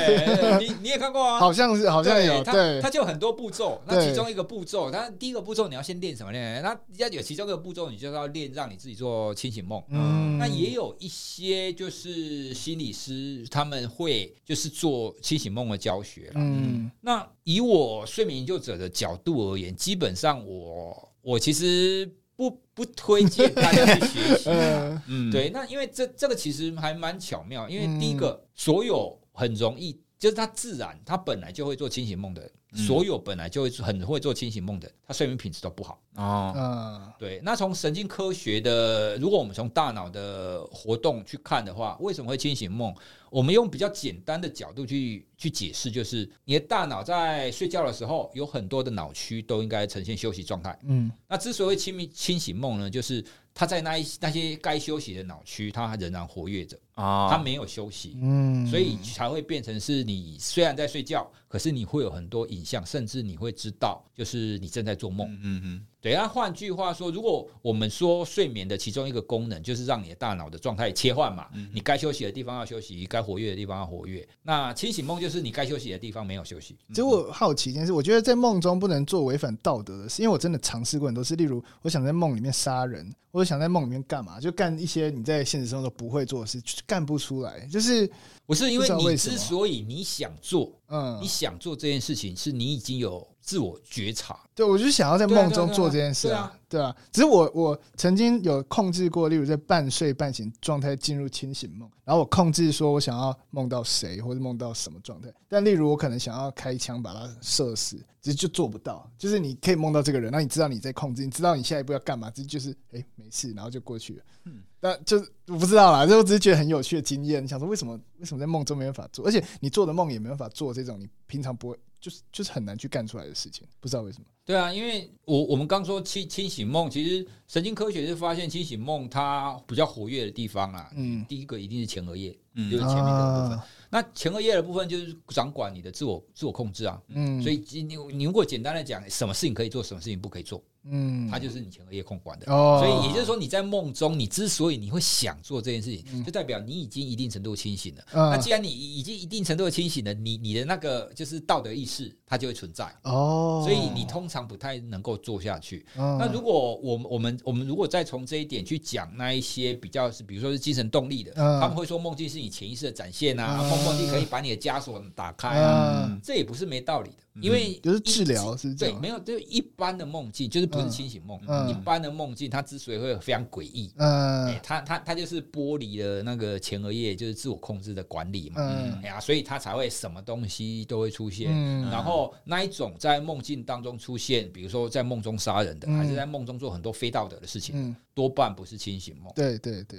[SPEAKER 2] 你你也看過啊？好像是，好像有。它它對就很多步驟，那其中一
[SPEAKER 1] 個步驟，它第一個步驟你要先練什麼呢？那要有其中一個步驟，你就要練讓你自己做清醒夢。嗯，那也有一些就是心理師他們會就是做清醒夢的教學。嗯，那以我睡眠研究者的角度而言，基本上我我其實。不不推薦大家去學習。 (laughs) 嗯，對，那因為這這個其實還蠻巧妙，因為第一個，嗯、所有很容易，就是他自然，他本來就會做清醒夢的人，嗯、所有本來就會很會做清醒夢的，他睡眠品質都不好
[SPEAKER 2] 啊。
[SPEAKER 1] 嗯、對，那從神經科學的，如果我們從大腦的活動去看的話，為什麼會清醒夢？我們用比較簡單的角度去去解釋，就是你的大腦在睡覺的時候，有很多的腦區都應該呈現休息狀態。嗯，那之所以清明清醒夢呢，就是。他在那一那些該休息的腦區，他仍然活躍着啊，他沒有休息，嗯，所以才會變成是你雖然在睡覺，可是你會有很多影像，甚至你會知道，就是你正在做夢，嗯嗯哼，對，那換句話說，如果我們說睡眠的其中一個功能就是讓你的大腦的狀態切換嘛，嗯、哼你該休息的地方要休息，該活躍的地方要活躍。那清醒夢就是你該休息的地方沒有休息。
[SPEAKER 2] 其實、嗯、哼我好奇一件事，我覺得在夢中不能做違反道德的事，是因為我真的嘗試過很多次，例如我想在夢裡面殺人，我想在夢裡面幹嘛？就幹一些你在現實生活中都不會做的事，幹不出來。就是，我是因為你之
[SPEAKER 1] 所以你想做，嗯，你想做這件事情，是你已經有。自我覺察，
[SPEAKER 2] 對我就是想要在夢中做這件事啊，對啊，只是我我曾經有控制過，例如在半睡半醒狀態進入清醒夢，然後我控制說我想要夢到誰或者夢到什麼狀態，但例如我可能想要開槍把他射死，其實就做不到。就是你可以夢到這個人，那你知道你在控制，你知道你下一步要幹嘛，這就是哎，沒事，然後就過去了。嗯，那就是我不知道啦，就只是覺得很有趣的經驗，你想說為什麼為什麼在夢中沒辦法做，而且你做的夢也沒辦法做這種，你平常不會。就是就是很難去幹出來的事情，不知道為什麼。
[SPEAKER 1] 對啊，因為我我們剛說清清醒夢，其實神經科學是發現清醒夢它比較活躍的地方啊。嗯，第一個一定是前額葉，嗯、就是前面的部分。啊、那前額葉的部分就是掌管你的自我自我控制啊。嗯，所以你你如果簡單的講，什麼事情可以做，什麼事情不可以做。嗯，它就是你前額葉控管的，所以也就是說，你在夢中，你之所以你會想做這件事情，就代表你已經一定程度清醒
[SPEAKER 3] 了。那既然你
[SPEAKER 1] 已經一定程度清醒了，你你的那個就是道德意識，它就會存在。哦，
[SPEAKER 3] 所以你
[SPEAKER 1] 通常不太能夠做下去。那如果我們我們我們如果再從這一點去講，那一些比較是，比如說是精神動力的，他們會說夢境是你潛意識的展現啊，夢境可以把你的枷鎖打開啊，嗯，這也不是沒道理的。因為、嗯、就是治療是,是這樣對，沒有就一般的夢境，就是不是清醒夢，嗯嗯、一般的夢境，它之所以會非常詭異、嗯欸，它它它就是剝離了那個前額葉，就是自我控制的管理嘛，呀，所以它才會什麼東西都會出現，嗯、然後那一種在夢境當中出現，比如說在夢中殺人的，還是在夢中做很多非道德的事情。嗯多半不是清醒夢，對對對，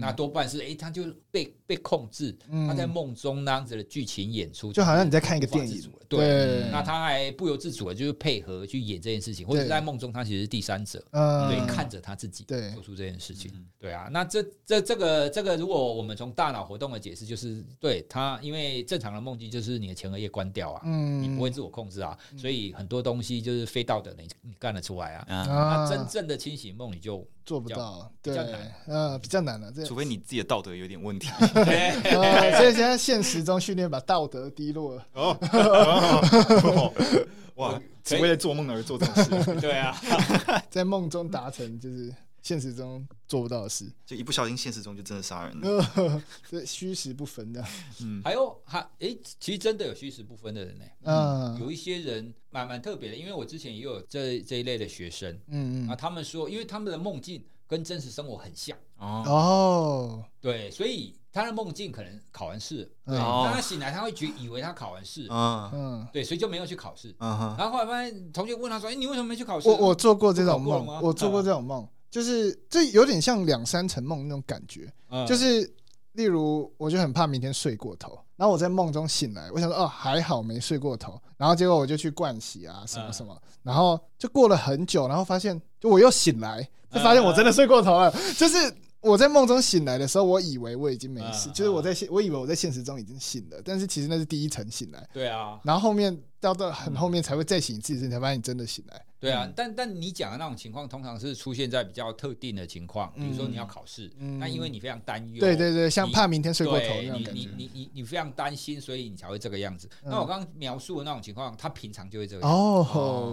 [SPEAKER 1] 那多半是哎，他就被被控制，他在夢中那樣子的劇情演出，就好像你在看一個電影，對，那他還不由自主的，就是配合去演這件事情，或者在夢中他其實是第三者，對，看着他自己做出這件事情。對啊，那這這這個這個，如果我們從大腦活動的解釋，就是對他，因為正常的夢境就是你的前額葉關掉啊，你不會自我控制啊，所以很多東西就是非道德你你幹得出來啊。啊，真正
[SPEAKER 2] 的清醒夢你就。做不到，對，嗯、呃，比較難了。這除非你
[SPEAKER 1] 自己的道德有點問題， (laughs) 對
[SPEAKER 4] (laughs) 呃、所以
[SPEAKER 2] 現在現實中訓練把道德低落了 (laughs) 哦。哦，哇，只為了做夢而做這些事。對啊，在夢中達成就是。現實中做不到的事，
[SPEAKER 1] 就一不小心現實中就真的殺人
[SPEAKER 2] 了。這虛 (laughs) 實不分的，
[SPEAKER 3] 還
[SPEAKER 1] 有還誒，其實真的有虛實不分的人呢？嗯，嗯，有一些人蠻蠻特別的，因為我之前也有這這一類的學生，嗯嗯，啊，他們說，因為他們的夢境跟真實生活很像，
[SPEAKER 3] 哦，
[SPEAKER 1] 哦對，所以他的夢境可能考完試，當他醒來，他會覺得以為他考完試，嗯，對，所以就沒有去考試，嗯、然後後來發現同學問他說，哎、欸，你為什麼沒去考試？我我做過這種夢，我做過這
[SPEAKER 2] 種夢。啊就是這有點像兩三層夢那種感覺，就是例如我就很怕明天睡過頭，然後我在夢中醒來，我想說哦還好沒睡過頭，然後結果我就去盥洗啊什麼什麼，然後就過了很久，然後發現就我又醒來，就發現我真的睡過頭了。就是我在夢中醒來的時候，我以為我已經沒事，就是我在我以為我在現實中已經醒了，但是其實那是第一層醒來，對啊，然後後面。到到很後面才會再醒一次，才把你真的醒來。嗯。
[SPEAKER 1] 對啊，但但你講的那種情況，通常是出現在比較特定的情況，比如說你要考試，嗯嗯、那因為你非常擔憂，對對對，像怕明天睡過頭，你你樣你你你，你非常擔心，所以你才會這個樣子。那我剛剛描述的那種情況，他平常就會這個哦、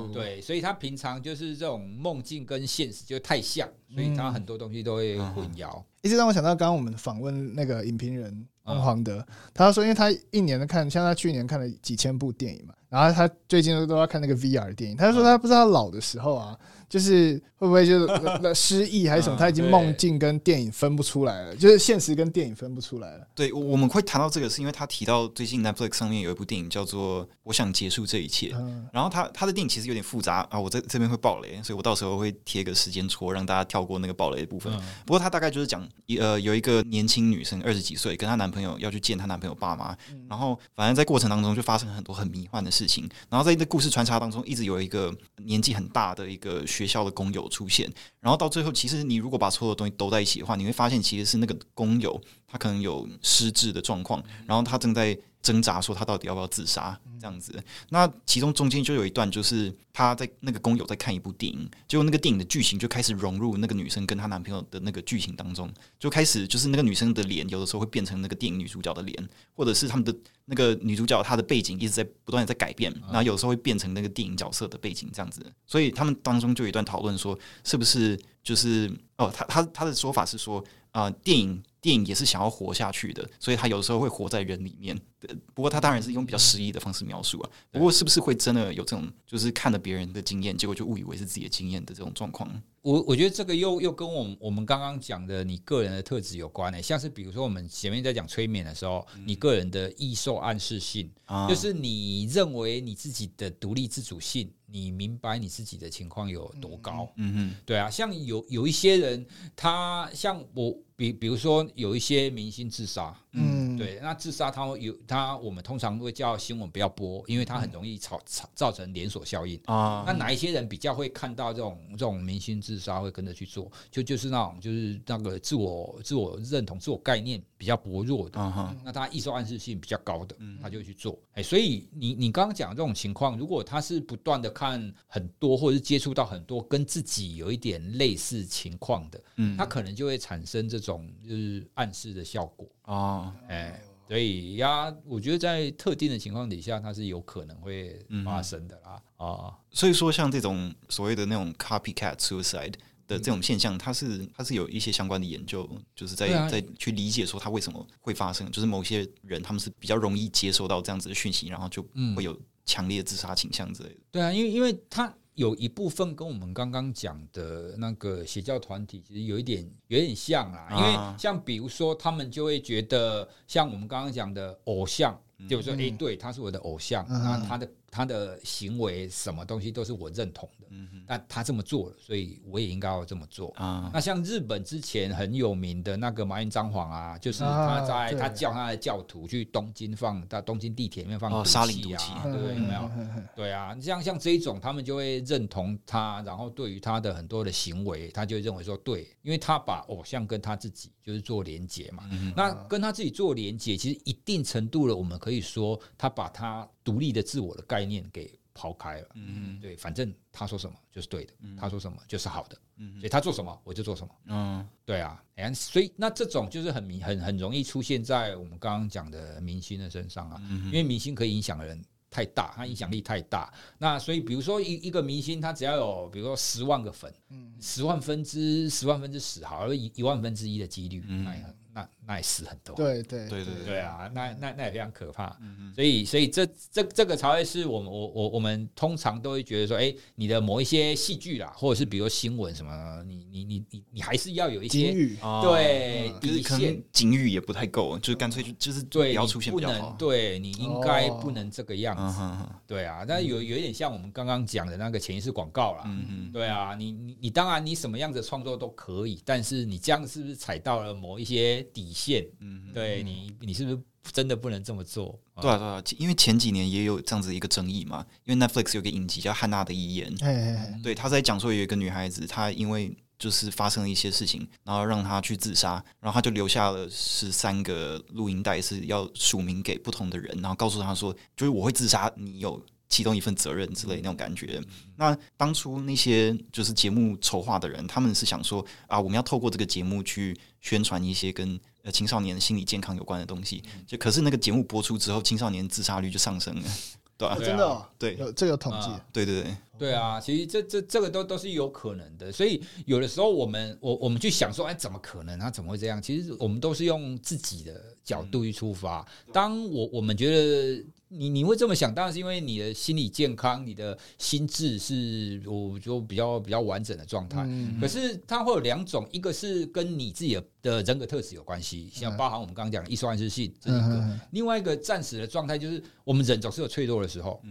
[SPEAKER 1] 嗯嗯，對，所以他平常就是這種夢境跟現實就太像，所以他很多東西都會混淆。嗯
[SPEAKER 2] 一直讓我想到剛剛我們訪問那個影評人黃黃德，他說，因為他一年的看，像他去年看了幾千部電影嘛，然後他最近都都要看那個 VR 電影，他說他不知道老的時候啊。就是會不會就是失憶還是什麼？他已經夢境跟電影分不出來了，就是現實跟電影分不出來了。對，我們會
[SPEAKER 4] 談到這個，是因為他提到最近 Netflix 上面有一部電影叫做《我想結束這一切》，然後他他的電影其實有點複雜啊，我在這邊會爆雷，所以我到時候會貼個時間戳讓大家跳過那個爆雷的部分。不過他大概就是講，呃，有一個年輕女生二十幾歲，跟她男朋友要去見她男朋友爸媽，然後反正，在過程當中就發生很多很迷幻的事情，然後在一個故事穿插當中，一直有一個年紀很大的一個。學校的工友出現，然後到最後，其實你如果把所有東西兜在一起的話，你會發現其實是那個工友他可能有失智的狀況，然後他正在。掙扎說他到底要不要自殺這樣子，嗯、那其中中間就有一段，就是他在那個工友在看一部電影，結果那個電影的劇情就開始融入那個女生跟她男朋友的那個劇情當中，就開始就是那個女生的臉有的時候會變成那個電影女主角的臉，或者是他們的那個女主角她的背景一直在不斷的在改變，嗯、然後有的時候會變成那個電影角色的背景這樣子，所以他們當中就有一段討論說，是不是就是哦，他他他的說法是說啊、呃、電影。電影也是想要活下去的，所以他有時候會活在人裡面。不過他當然是用比較詩意的方式描述啊。不過是不是會真的有這種，就是看了別人的經驗，結果就誤以為是自己的經驗的這種狀況？
[SPEAKER 1] 我我覺得這個又又跟我們我們剛剛講的你個人的特質有關呢、欸。像是比如說我們前面在講催眠的時候，你個人的易受暗示性，嗯、就是你認為你自己的獨立自主性，你明白你自己的情況有多高？嗯嗯，嗯哼對啊。像有有一些人，他像我。比比如說有一些明星自殺，嗯，對，那自殺，他會有他，我們通常會叫新聞不要播，因為他很容易造造成連鎖效應啊。嗯、那哪一些人比較會看到這種這種明星自殺會跟着去做，就就是那種就是那個自我自我認同自我概念比較薄弱的，啊、哈那他易受暗示性比較高的，他就會去做。哎、欸，所以你你剛剛講這種情況，如果他是不斷的看很多，或者是接觸到很多跟自己有一點類似情況的，嗯，他可能就會產生這種。種就是暗示的效果啊，哎，所以呀，我覺得在特定的情況底下，它是有可能會發生的啦，嗯、
[SPEAKER 4] 哦，所以說，像這種所謂的那種 copycat suicide 的這種現象，它是它是有一些相關的研究，就是在，啊、在去理解說它為什麼會發生，就是某些人他們是比較容易接受到這樣子的訊息，然後就會有強烈的自殺傾向之類的。
[SPEAKER 1] 對啊，因為因為他。有一部分跟我們剛剛講的那個邪教團體其實有一點有點像啊，因為像比如說他們就會覺得像我們剛剛講的偶像，就是說誒，對，他是我的偶像，嗯嗯，那他的。他的行為，什麼東西都是我認同的。那、嗯、哼他這麼做了，所以我也應該要這麼做啊。嗯、那像日本之前很有名的那個麻原彰晃啊，就是他在他叫他的教徒去東京放，到東京地鐵裡面放沙林毒氣、啊，對不、哦、對？有、嗯、沒有？對啊。像像這一種，他們就會認同他，然後對於他的很多的行為，他就認為說對，因為他把偶、哦、像跟他自己就是做連結嘛。嗯、哼那跟他自己做連結其實一定程度的，我們可以說他把他。獨立的自我的概念給拋開了，嗯，對，反正他說什麼就是對的，他說什麼就是好的，嗯，所以他做什麼我就做什麼，嗯，對啊，所以那這種就是很明很很容易出現在我們剛剛講的明星的身上啊，因為明星可以影響的人太大，他影響力太大，那所以比如說一一個明星他只要有比如說十萬個粉，十萬分之十萬分之十，好像一一萬分之一的幾率，嗯。那，那也死很多，啊，對對對對對啊，那那那也非常可怕。嗯嗯，所以所以這這這個才會是我們我我我們通常都會覺得說，哎、欸，你的某一些戲劇啦，或者是比如說新聞什麼，你你你你你還是要有一些，警語。對，就是可能警
[SPEAKER 4] 語也不太夠，就是乾脆就是對要出現不能，
[SPEAKER 1] 對你應該不能這個樣子，哦、對啊，那有有一點像我們剛剛講的那個潛意識廣告了，嗯嗯對啊，你你你當然你什麼樣子創作都可以，但是你這樣是不是踩到了某一些。底線，嗯哼，對你，你是不是真的不能這麼做？
[SPEAKER 4] 對、嗯、啊，對啊，因為前幾年也有這樣子一個爭議嘛。因為 Netflix 有個影集叫《漢娜的遺言》，嗯、對，他在講說有一個女孩子，她因為就是發生了一些事情，然後讓她去自殺，然後她就留下了十三個錄音帶，是要署名給不同的人，然後告訴他說，就是我會自殺，你有。其中一份責任之類的那種感覺。那當初那些就是節目籌劃的人，他們是想說啊，我們要透過這個節目去宣傳一些跟呃青少年心理健康有關的東西。就可是那個節目播出之後，青少年自殺率就上升了，對吧？啊哦？真的，
[SPEAKER 2] 哦，對，有這個有統計。
[SPEAKER 4] 啊。對對對。
[SPEAKER 1] 對啊，其實這這這個都都是有可能的。所以有的時候我們我我們去想說，哎，怎麼可能？他怎麼會這樣？其實我們都是用自己的角度去出發。當我我們覺得。你你會這麼想，當然是因為你的心理健康，你的心智是我就比較比較完整的狀態。嗯嗯，可是它會有兩種，一個是跟你自己的，的人格特質有關係，像包含我們剛剛講的易暗示性、嗯、這一個；嗯嗯另外一個暫時的狀態，就是我們人總是有脆弱的時候。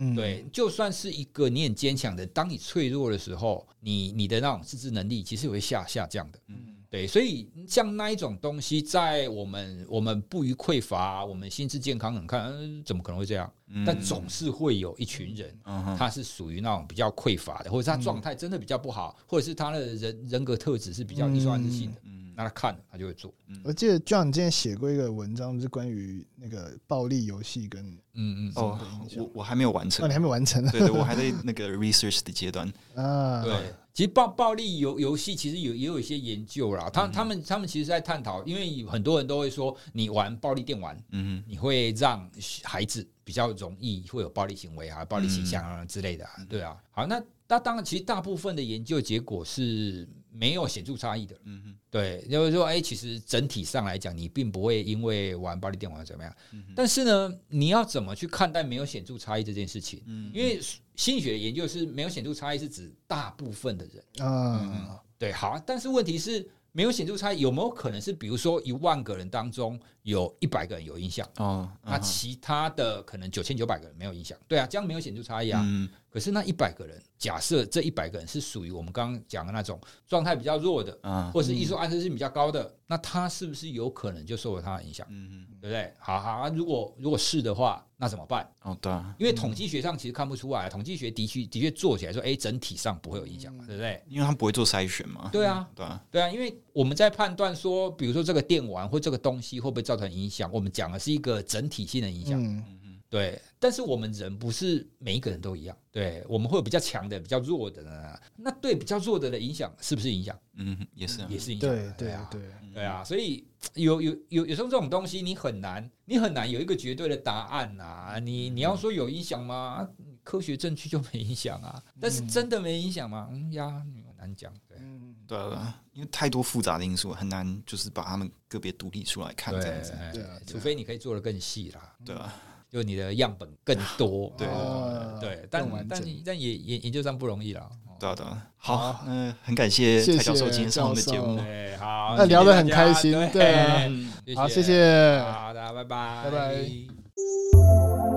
[SPEAKER 1] 嗯，對，就算是一個你很堅強的，當你脆弱的時候，你你的那種自制能力其實也會下下降的。嗯。對，所以像那一種東西，在我們我們不虞匱乏，我們心智健康，很看，怎麼可能會這樣？但總是會有一群人，他是屬於那種比較匱乏的，或者是他狀態真的比較不好，或者是他的人人格特質是比較逆反性的，那他看他就會做。
[SPEAKER 2] 我記得 John，之前寫過一個文章，是關於那個暴力遊戲跟嗯嗯哦，我我還沒有完成，你還沒完成，我還在
[SPEAKER 1] 那個 research 的階段
[SPEAKER 2] 啊，對。其實暴暴力遊遊戲其實有也，也有一些
[SPEAKER 1] 研究啦，他他們他們其實在探討，因為很多人都會說，你玩暴力電玩，嗯哼，你會讓孩子比較容易會有暴力行為啊、暴力傾向啊之類的，嗯、對啊，好，那那當然其實大部分的研究結果是沒有顯著差異的、嗯哼，對，就是說，哎，其實整體上來講，你並不會因為玩暴力電玩怎麼樣，嗯、哼但是呢，你要怎麼去看待沒有顯著差異這件事情？嗯嗯，因為心理學研究是沒有顯著差異是指大部分的人
[SPEAKER 2] 啊、嗯哼嗯，
[SPEAKER 1] 對，好，但是問題是。沒有顯著差異，有沒有可能是比如說一萬個人當中有一百個人有影響啊？哦嗯、那其他的可能九千九百個人沒有影響，對啊，這樣沒有顯著差異啊。嗯，可是那一百個人，假設這一百個人是屬於我們剛剛講的那種狀態比較弱的，啊、嗯，或者是易受暗示性比較高的，嗯、那他是不是有可能就受到他的影響？嗯嗯哼，對不對？好好，如果如果是的話。那怎麼辦？
[SPEAKER 4] 哦，對啊，因為統
[SPEAKER 1] 計學上其實看不出來、啊，嗯、統計學的確的確做起來說，哎，整體上不會有影響嘛，嗯、對不對？因為他不會做篩選嘛。嗯、對啊，對啊，對啊，因為我們在判斷說，比如說這個電玩或這個東西會不會造成影響，我們講的是一個整體性的影響，嗯嗯，對。但是我們人不是每一個人都一樣，對，我們會有比較強的、比較弱的呢，那對比較弱的的影響是不是影響？嗯，也是啊，也是影響。對對，對啊，對對啊，所以有有有有時候這種東西你很難，你很難有一個絕對的答案啊！你你要說有影響嗎？嗯，啊，科學證據就沒影響啊，但是真的沒影響嗎？嗯，呀，難講。對，嗯，對啊，因為
[SPEAKER 4] 太多複雜的因素，很難就是把他們個別獨立出來看，對，這樣子，啊
[SPEAKER 1] 啊，除非你可以做得更細啦。對吧？就你的樣本更多，對對，但但但也也研究上不容易了。對啊，對啊。好，嗯，很感謝蔡教授今天上的節
[SPEAKER 4] 目，對，
[SPEAKER 3] 好，那聊得很開心，對，好，謝謝，好的，拜拜，拜拜。